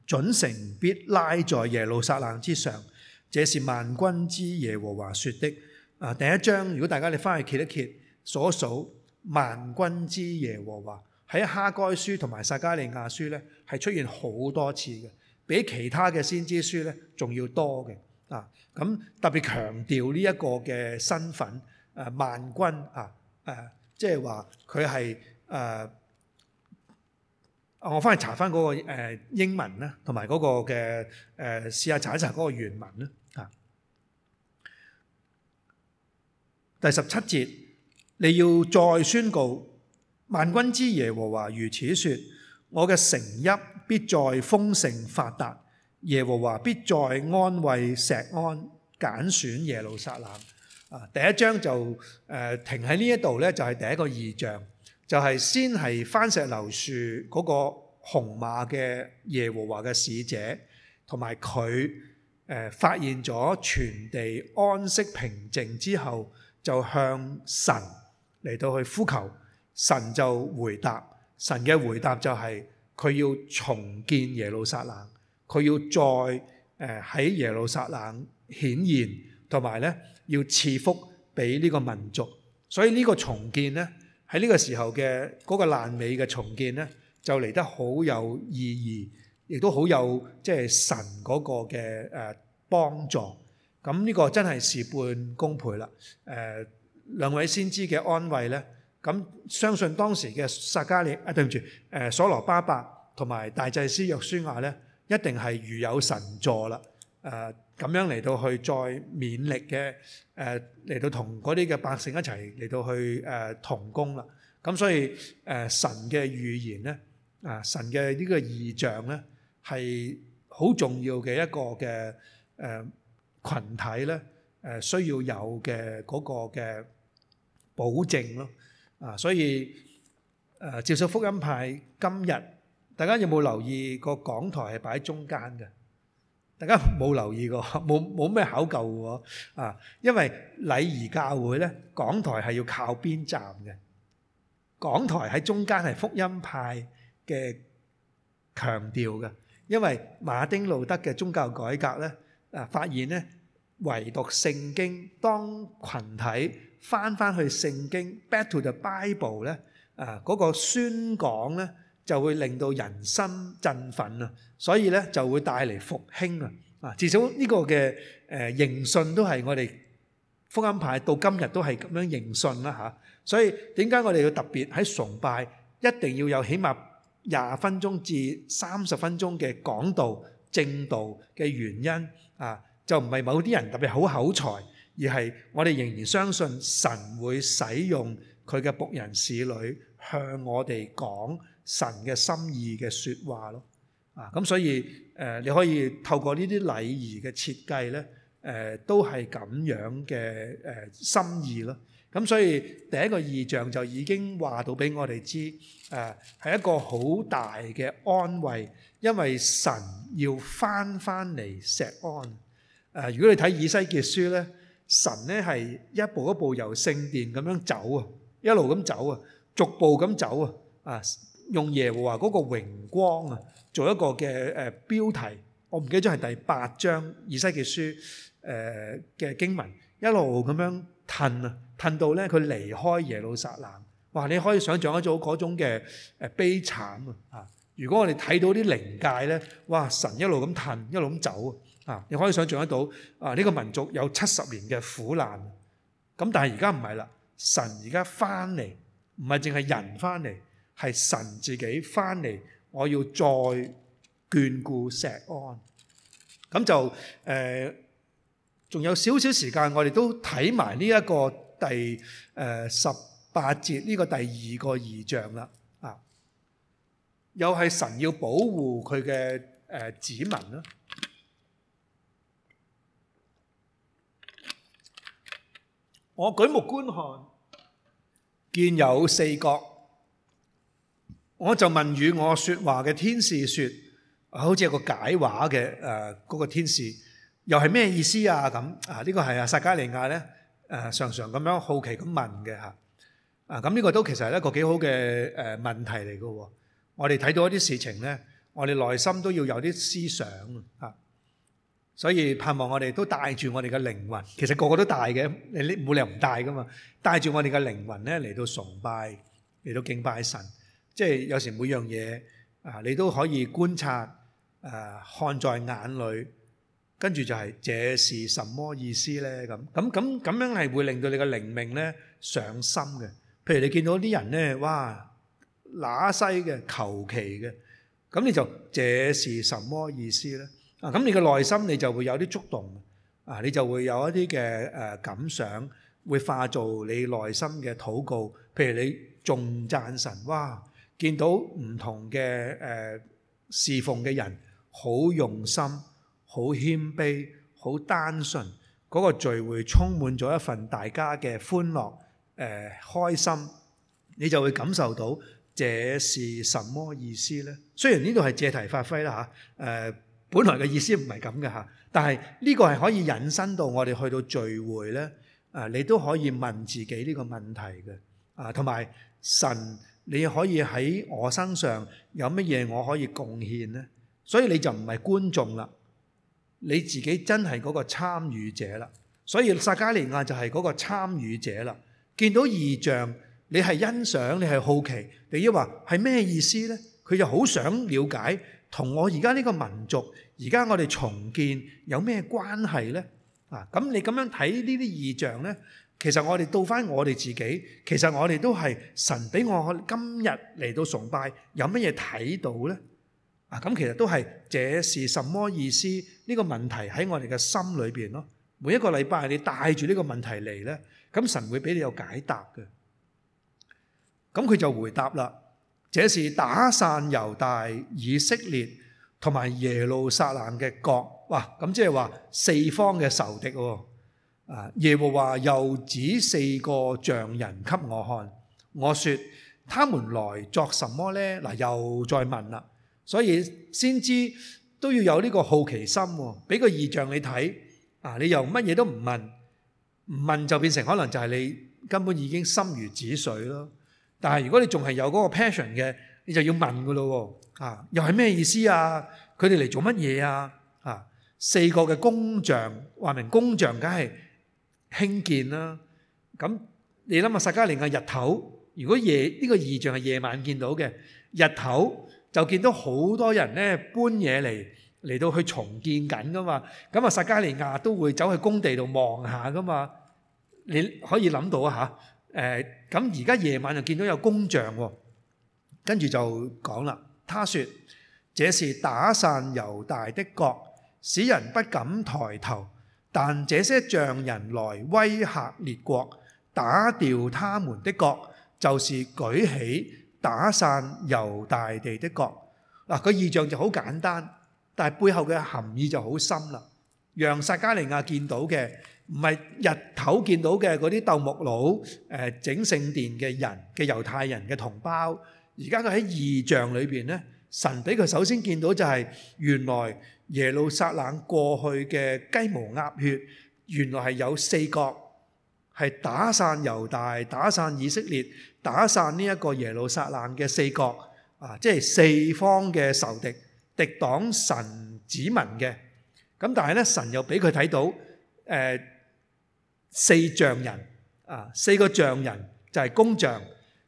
準繩必拉在耶路撒冷之上。這是萬軍之耶和華說的。啊，第一章，如果大家你翻去揭一揭，數一數，萬軍之耶和華喺哈該書同埋撒迦利亞書咧，係出現好多次嘅，比其他嘅先知書咧仲要多嘅。啊，咁特別強調呢一個嘅身份，誒萬軍啊，誒即係話佢係誒，我翻去查翻嗰個誒英文啦，同埋嗰個嘅誒試下查一查嗰個原文啦。.第十七節，你要再宣告萬軍之耶和華如此說，我嘅城邑必再豐盛發達，耶和華必再安慰錫安，揀選耶路撒冷。啊、第一章就、呃、停喺呢一度呢就係、是、第一個異象，就係、是、先係番石榴樹嗰個紅馬嘅耶和華嘅使者，同埋佢呃發現咗全地安息平靜之後。就向神嚟到去呼求，神就回答，神嘅回答就係佢要重建耶路撒冷，佢要再誒喺耶路撒冷顯現，同埋咧要賜福俾呢個民族。所以呢個重建咧，喺呢個時候嘅嗰個爛尾嘅重建咧，就嚟得好有意義，亦都好有即係神嗰個嘅誒幫助。咁呢個真係事半功倍啦！誒兩位先知嘅安慰咧，咁相信當時嘅撒迦利啊，對唔住，誒所羅巴伯同埋大祭司約書亞咧，一定係如有神助啦！誒咁樣嚟到去再勉力嘅誒嚟到同嗰啲嘅百姓一齊嚟到去誒同工啦！咁所以誒神嘅預言咧啊，神嘅呢個異象咧係好重要嘅一個嘅誒。羣體咧誒需要有嘅嗰個嘅保證咯啊，所以誒接受福音派今日大家有冇留意個講台係擺喺中間嘅？大家冇留意過，冇冇咩考究嘅喎啊！因為禮儀教會咧，講台係要靠邊站嘅，講台喺中間係福音派嘅強調嘅，因為馬丁路德嘅宗教改革咧。啊！發現咧，唯獨聖經，當羣體返返去聖經，back to the Bible 咧，啊嗰個宣講咧就會令到人心振奮啊，所以咧就會帶嚟復興啊！啊，至少呢個嘅誒認信都係我哋福音派到今日都係咁樣認信啦嚇。所以點解我哋要特別喺崇拜一定要有起碼廿分鐘至三十分鐘嘅講道、正道嘅原因？啊，就唔係某啲人特別好口才，而係我哋仍然相信神會使用佢嘅僕人侍女向我哋講神嘅心意嘅説話咯。啊，咁所以誒，你可以透過呢啲禮儀嘅設計咧，誒，都係咁樣嘅誒心意咯。咁所以第一個異象就已經話到俾我哋知，誒，係一個好大嘅安慰。因為神要翻翻嚟錫安，如果你睇以西結書咧，神咧係一步一步由聖殿咁樣走啊，一路咁走啊，逐步咁走啊，啊用耶和華嗰個榮光啊，做一個嘅誒標題，我唔記得咗係第八章以西結書嘅經文，一路咁樣褪啊，褪到咧佢離開耶路撒冷，哇你可以想象一種嗰種嘅悲慘啊啊！如果我哋睇到啲靈界咧，哇！神一路咁褪，一路咁走啊！你可以想象得到啊！呢、這個民族有七十年嘅苦難，咁但係而家唔係啦，神而家翻嚟，唔係淨係人翻嚟，係神自己翻嚟。我要再眷顧錫安，咁就仲、呃、有少少時間，我哋都睇埋呢一個第十八節呢、這個第二個異象啦。又係神要保護佢嘅誒子民啦。我舉目觀看，見有四角，我就問與我說話嘅天使說：好似有個解話嘅誒嗰個天使，又係咩意思啊？咁啊呢個係啊撒迦利亞咧誒，常常咁樣好奇咁問嘅吓啊，咁呢個都其實係一個幾好嘅誒問題嚟嘅。我哋睇到一啲事情呢，我哋內心都要有啲思想啊，所以盼望我哋都帶住我哋嘅靈魂，其實個個都帶嘅，你冇理由唔帶噶嘛。帶住我哋嘅靈魂呢，嚟到崇拜，嚟到敬拜神，即係有時每樣嘢啊，你都可以觀察啊，看在眼裏，跟住就係這是什麼意思呢？咁咁咁咁樣係會令到你嘅靈命呢，上心嘅。譬如你見到啲人呢，哇！嗱西嘅求其嘅，咁你就這是什麼意思呢？咁你嘅內心你就會有啲觸動，啊，你就會有一啲嘅誒感想，會化做你內心嘅禱告。譬如你仲讚神，哇！見到唔同嘅誒侍奉嘅人，好用心，好謙卑，好單純，嗰個聚會充滿咗一份大家嘅歡樂，誒開心，你就會感受到。這是什麼意思呢？雖然呢度係借題發揮啦嚇，誒、呃，本來嘅意思唔係咁嘅嚇，但係呢個係可以引申到我哋去到聚會呢，誒、呃，你都可以問自己呢個問題嘅，啊，同埋神，你可以喺我身上有乜嘢我可以貢獻呢？所以你就唔係觀眾啦，你自己真係嗰個參與者啦。所以撒迦利亞就係嗰個參與者啦，見到異象。你係欣賞，你係好奇，定抑或係咩意思呢？佢就好想了解，同我而家呢個民族，而家我哋重建有咩關係呢？啊，咁你咁樣睇呢啲異象呢，其實我哋到返我哋自己，其實我哋都係神俾我今日嚟到崇拜，有乜嘢睇到呢？啊，咁其實都係這是什麼意思？呢個問題喺我哋嘅心裏邊咯。每一個禮拜你帶住呢個問題嚟呢，咁神會俾你有解答嘅。咁佢就回答啦，這是打散猶大、以色列同埋耶路撒冷嘅國，哇！咁即係話四方嘅仇敵喎。啊，耶和華又指四個匠人給我看，我説他們來作什麼呢？嗱，又再問啦，所以先知都要有呢個好奇心喎，俾個異象你睇啊！你又乜嘢都唔問，唔問就變成可能就係你根本已經心如止水咯。但係如果你仲係有嗰個 passion 嘅，你就要問噶咯喎，啊，又係咩意思啊？佢哋嚟做乜嘢啊？啊，四個嘅工匠，話明工匠梗係興建啦。咁你諗下，撒迦利亞日頭，如果夜呢、這個異象係夜晚見到嘅，日頭就見到好多人咧搬嘢嚟嚟到去重建緊噶嘛。咁啊，撒迦利亞都會走去工地度望下噶嘛。你可以諗到啊嚇誒咁而家夜晚就見到有工匠喎，跟住就講啦。他說：這是打散猶大的國，使人不敢抬頭。但這些匠人來威嚇列國，打掉他們的國，就是舉起打散猶大地的國。嗱，個意象就好簡單，但係背後嘅含義就好深啦。讓撒迦利亞見到嘅。唔係日頭見到嘅嗰啲鬥木佬，誒，整聖殿嘅人嘅猶太人嘅同胞，而家佢喺異象裏邊咧，神俾佢首先見到就係原來耶路撒冷過去嘅雞毛鴨血，原來係有四國係打散猶大、打散以色列、打散呢一個耶路撒冷嘅四國啊，即係四方嘅仇敵敵擋神子民嘅。咁但係咧，神又俾佢睇到誒。四象人啊，四個匠人就係工匠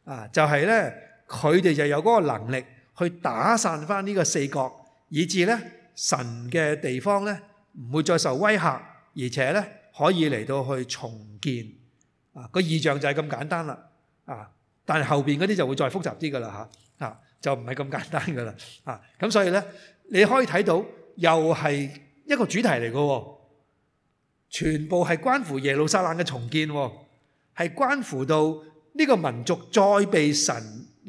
啊，就係咧佢哋就有嗰個能力去打散翻呢個四角，以至咧神嘅地方咧唔會再受威嚇，而且咧可以嚟到去重建啊個意象就係咁簡單啦啊！但係後邊嗰啲就會再複雜啲噶啦吓吓，就唔係咁簡單噶啦吓，咁所以咧你可以睇到又係一個主題嚟噶。全部係關乎耶路撒冷嘅重建，係關乎到呢個民族再被神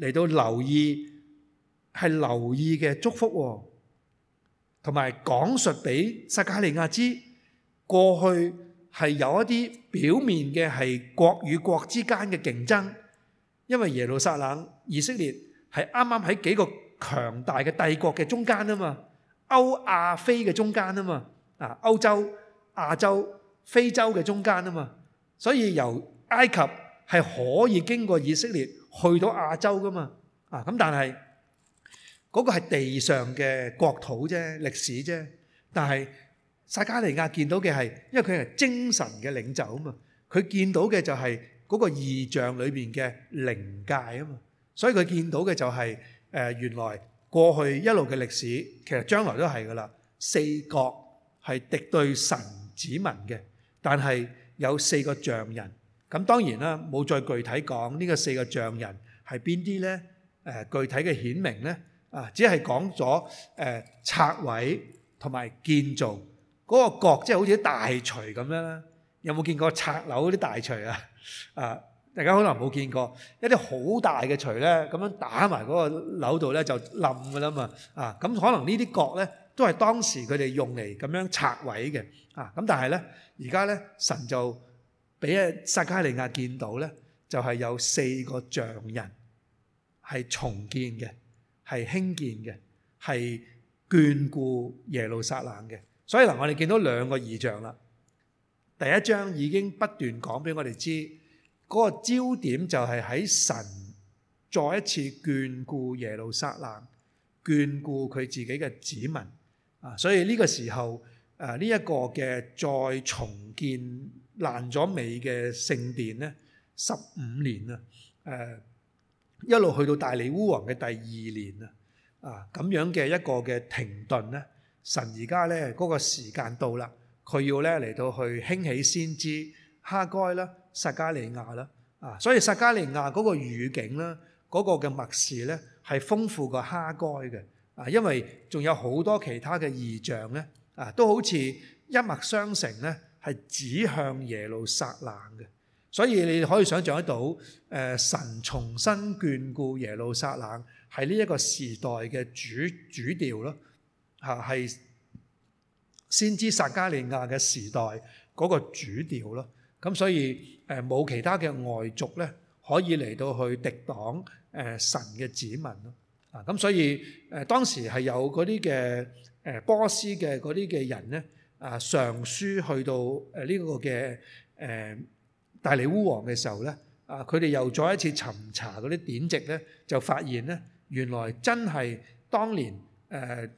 嚟到留意，係留意嘅祝福，同埋講述俾撒迦利亞知，過去係有一啲表面嘅係國與國之間嘅競爭，因為耶路撒冷以色列係啱啱喺幾個強大嘅帝國嘅中間啊嘛，歐亞非嘅中間啊嘛，啊歐洲。亞洲、非洲嘅中間啊嘛，所以由埃及係可以經過以色列去到亞洲噶嘛，啊咁但係嗰個係地上嘅國土啫，歷史啫。但係撒迦利亞見到嘅係，因為佢係精神嘅領袖啊嘛，佢見到嘅就係嗰個異象裏邊嘅靈界啊嘛，所以佢見到嘅就係誒原來過去一路嘅歷史，其實將來都係噶啦，四國係敵對神。指紋嘅，但係有四個匠人，咁當然啦，冇再具體講呢個四個匠人係邊啲呢？誒，具體嘅顯明呢，啊，只係講咗誒拆毀同埋建造嗰個角，即係好似啲大錘咁樣啦。有冇見過拆樓啲大錘啊？啊，大家可能冇見過一啲好大嘅錘呢，咁樣打埋嗰個樓度呢就冧噶啦嘛。啊，咁可能呢啲角呢，都係當時佢哋用嚟咁樣拆毀嘅，啊，咁但係咧，而家咧神就俾阿撒迦利亞見到咧，就係有四個匠人係重建嘅，係興建嘅，係眷顧耶路撒冷嘅。所以嗱，我哋見到兩個異象啦。第一章已經不斷講俾我哋知，嗰個焦點就係喺神再一次眷顧耶路撒冷，眷顧佢自己嘅子民。啊，所以呢個時候，誒呢一個嘅再重建爛咗尾嘅聖殿咧，十五年啊，誒一路去到大理烏王嘅第二年啊，啊咁樣嘅一個嘅停頓咧，神而家咧嗰個時間到啦，佢要咧嚟到去興起先知哈該啦、撒迦利亞啦，啊，所以撒迦利亞嗰個語境咧，嗰、那個嘅默示咧係豐富過哈該嘅。啊，因為仲有好多其他嘅異象咧，啊，都好似一脈相承咧，係指向耶路撒冷嘅，所以你可以想象得到，誒神重新眷顧耶路撒冷係呢一個時代嘅主主調咯，嚇係先知撒迦利亞嘅時代嗰個主調咯，咁所以誒冇其他嘅外族咧可以嚟到去敵擋誒神嘅子民咯。啊，咁所以誒當時係有嗰啲嘅誒波斯嘅嗰啲嘅人咧，啊上書去到誒呢個嘅誒大利烏王嘅時候咧，啊佢哋又再一次尋查嗰啲典籍咧，就發現咧原來真係當年誒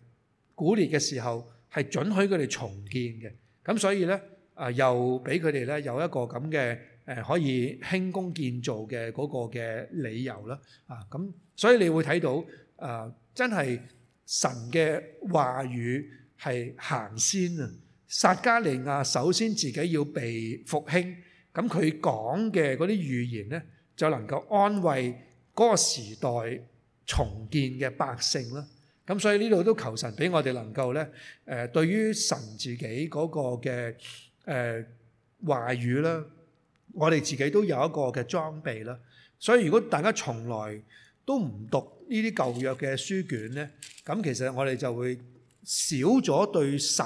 古列嘅時候係准許佢哋重建嘅，咁所以咧啊又俾佢哋咧有一個咁嘅誒可以輕工建造嘅嗰個嘅理由啦，啊咁所以你會睇到。誒、啊、真係神嘅話語係行先啊！撒迦利亞首先自己要被復興，咁佢講嘅嗰啲預言呢，就能夠安慰嗰個時代重建嘅百姓啦。咁所以呢度都求神俾我哋能夠呢，誒、呃，對於神自己嗰個嘅誒、呃、話語啦，我哋自己都有一個嘅裝備啦。所以如果大家從來都唔讀，呢啲舊約嘅書卷咧，咁其實我哋就會少咗對神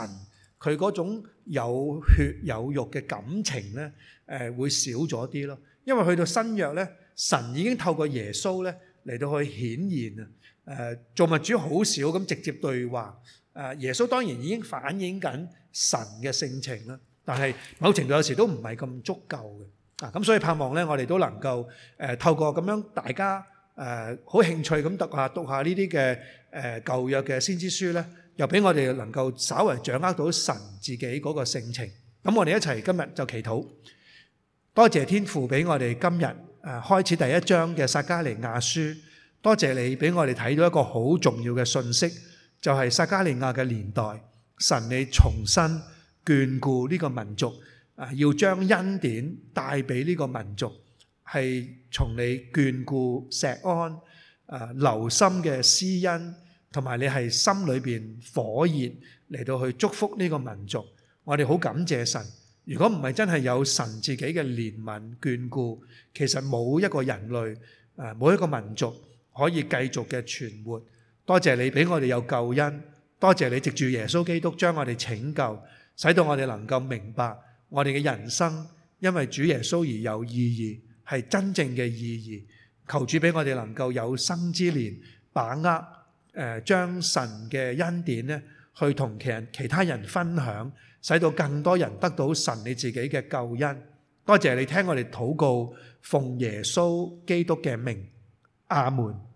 佢嗰種有血有肉嘅感情咧，誒會少咗啲咯。因為去到新約咧，神已經透過耶穌咧嚟到去顯現啊。誒，造物主好少咁直接對話。誒，耶穌當然已經反映緊神嘅性情啦，但係某程度有時都唔係咁足夠嘅。啊，咁所以盼望咧，我哋都能夠誒透過咁樣大家。誒、呃，好興趣咁讀下讀下呢啲嘅誒舊約嘅先知書呢，又俾我哋能夠稍微掌握到神自己嗰個性情。咁我哋一齊今日就祈禱。多謝天父俾我哋今日誒、呃、開始第一章嘅撒迦利亞書。多謝你俾我哋睇到一個好重要嘅信息，就係、是、撒迦利亞嘅年代，神你重新眷顧呢個民族，啊、呃，要將恩典帶俾呢個民族。呃係從你眷顧錫安、啊留心嘅施恩，同埋你係心裏邊火熱嚟到去祝福呢個民族，我哋好感謝神。如果唔係真係有神自己嘅憐憫眷顧，其實冇一個人類，啊冇一個民族可以繼續嘅存活。多謝你俾我哋有救恩，多謝你藉住耶穌基督將我哋拯救，使到我哋能夠明白我哋嘅人生，因為主耶穌而有意義。係真正嘅意義，求主俾我哋能夠有生之年，把握誒將、呃、神嘅恩典呢去同其其他人分享，使到更多人得到神你自己嘅救恩。多謝你聽我哋禱告，奉耶穌基督嘅名，阿門。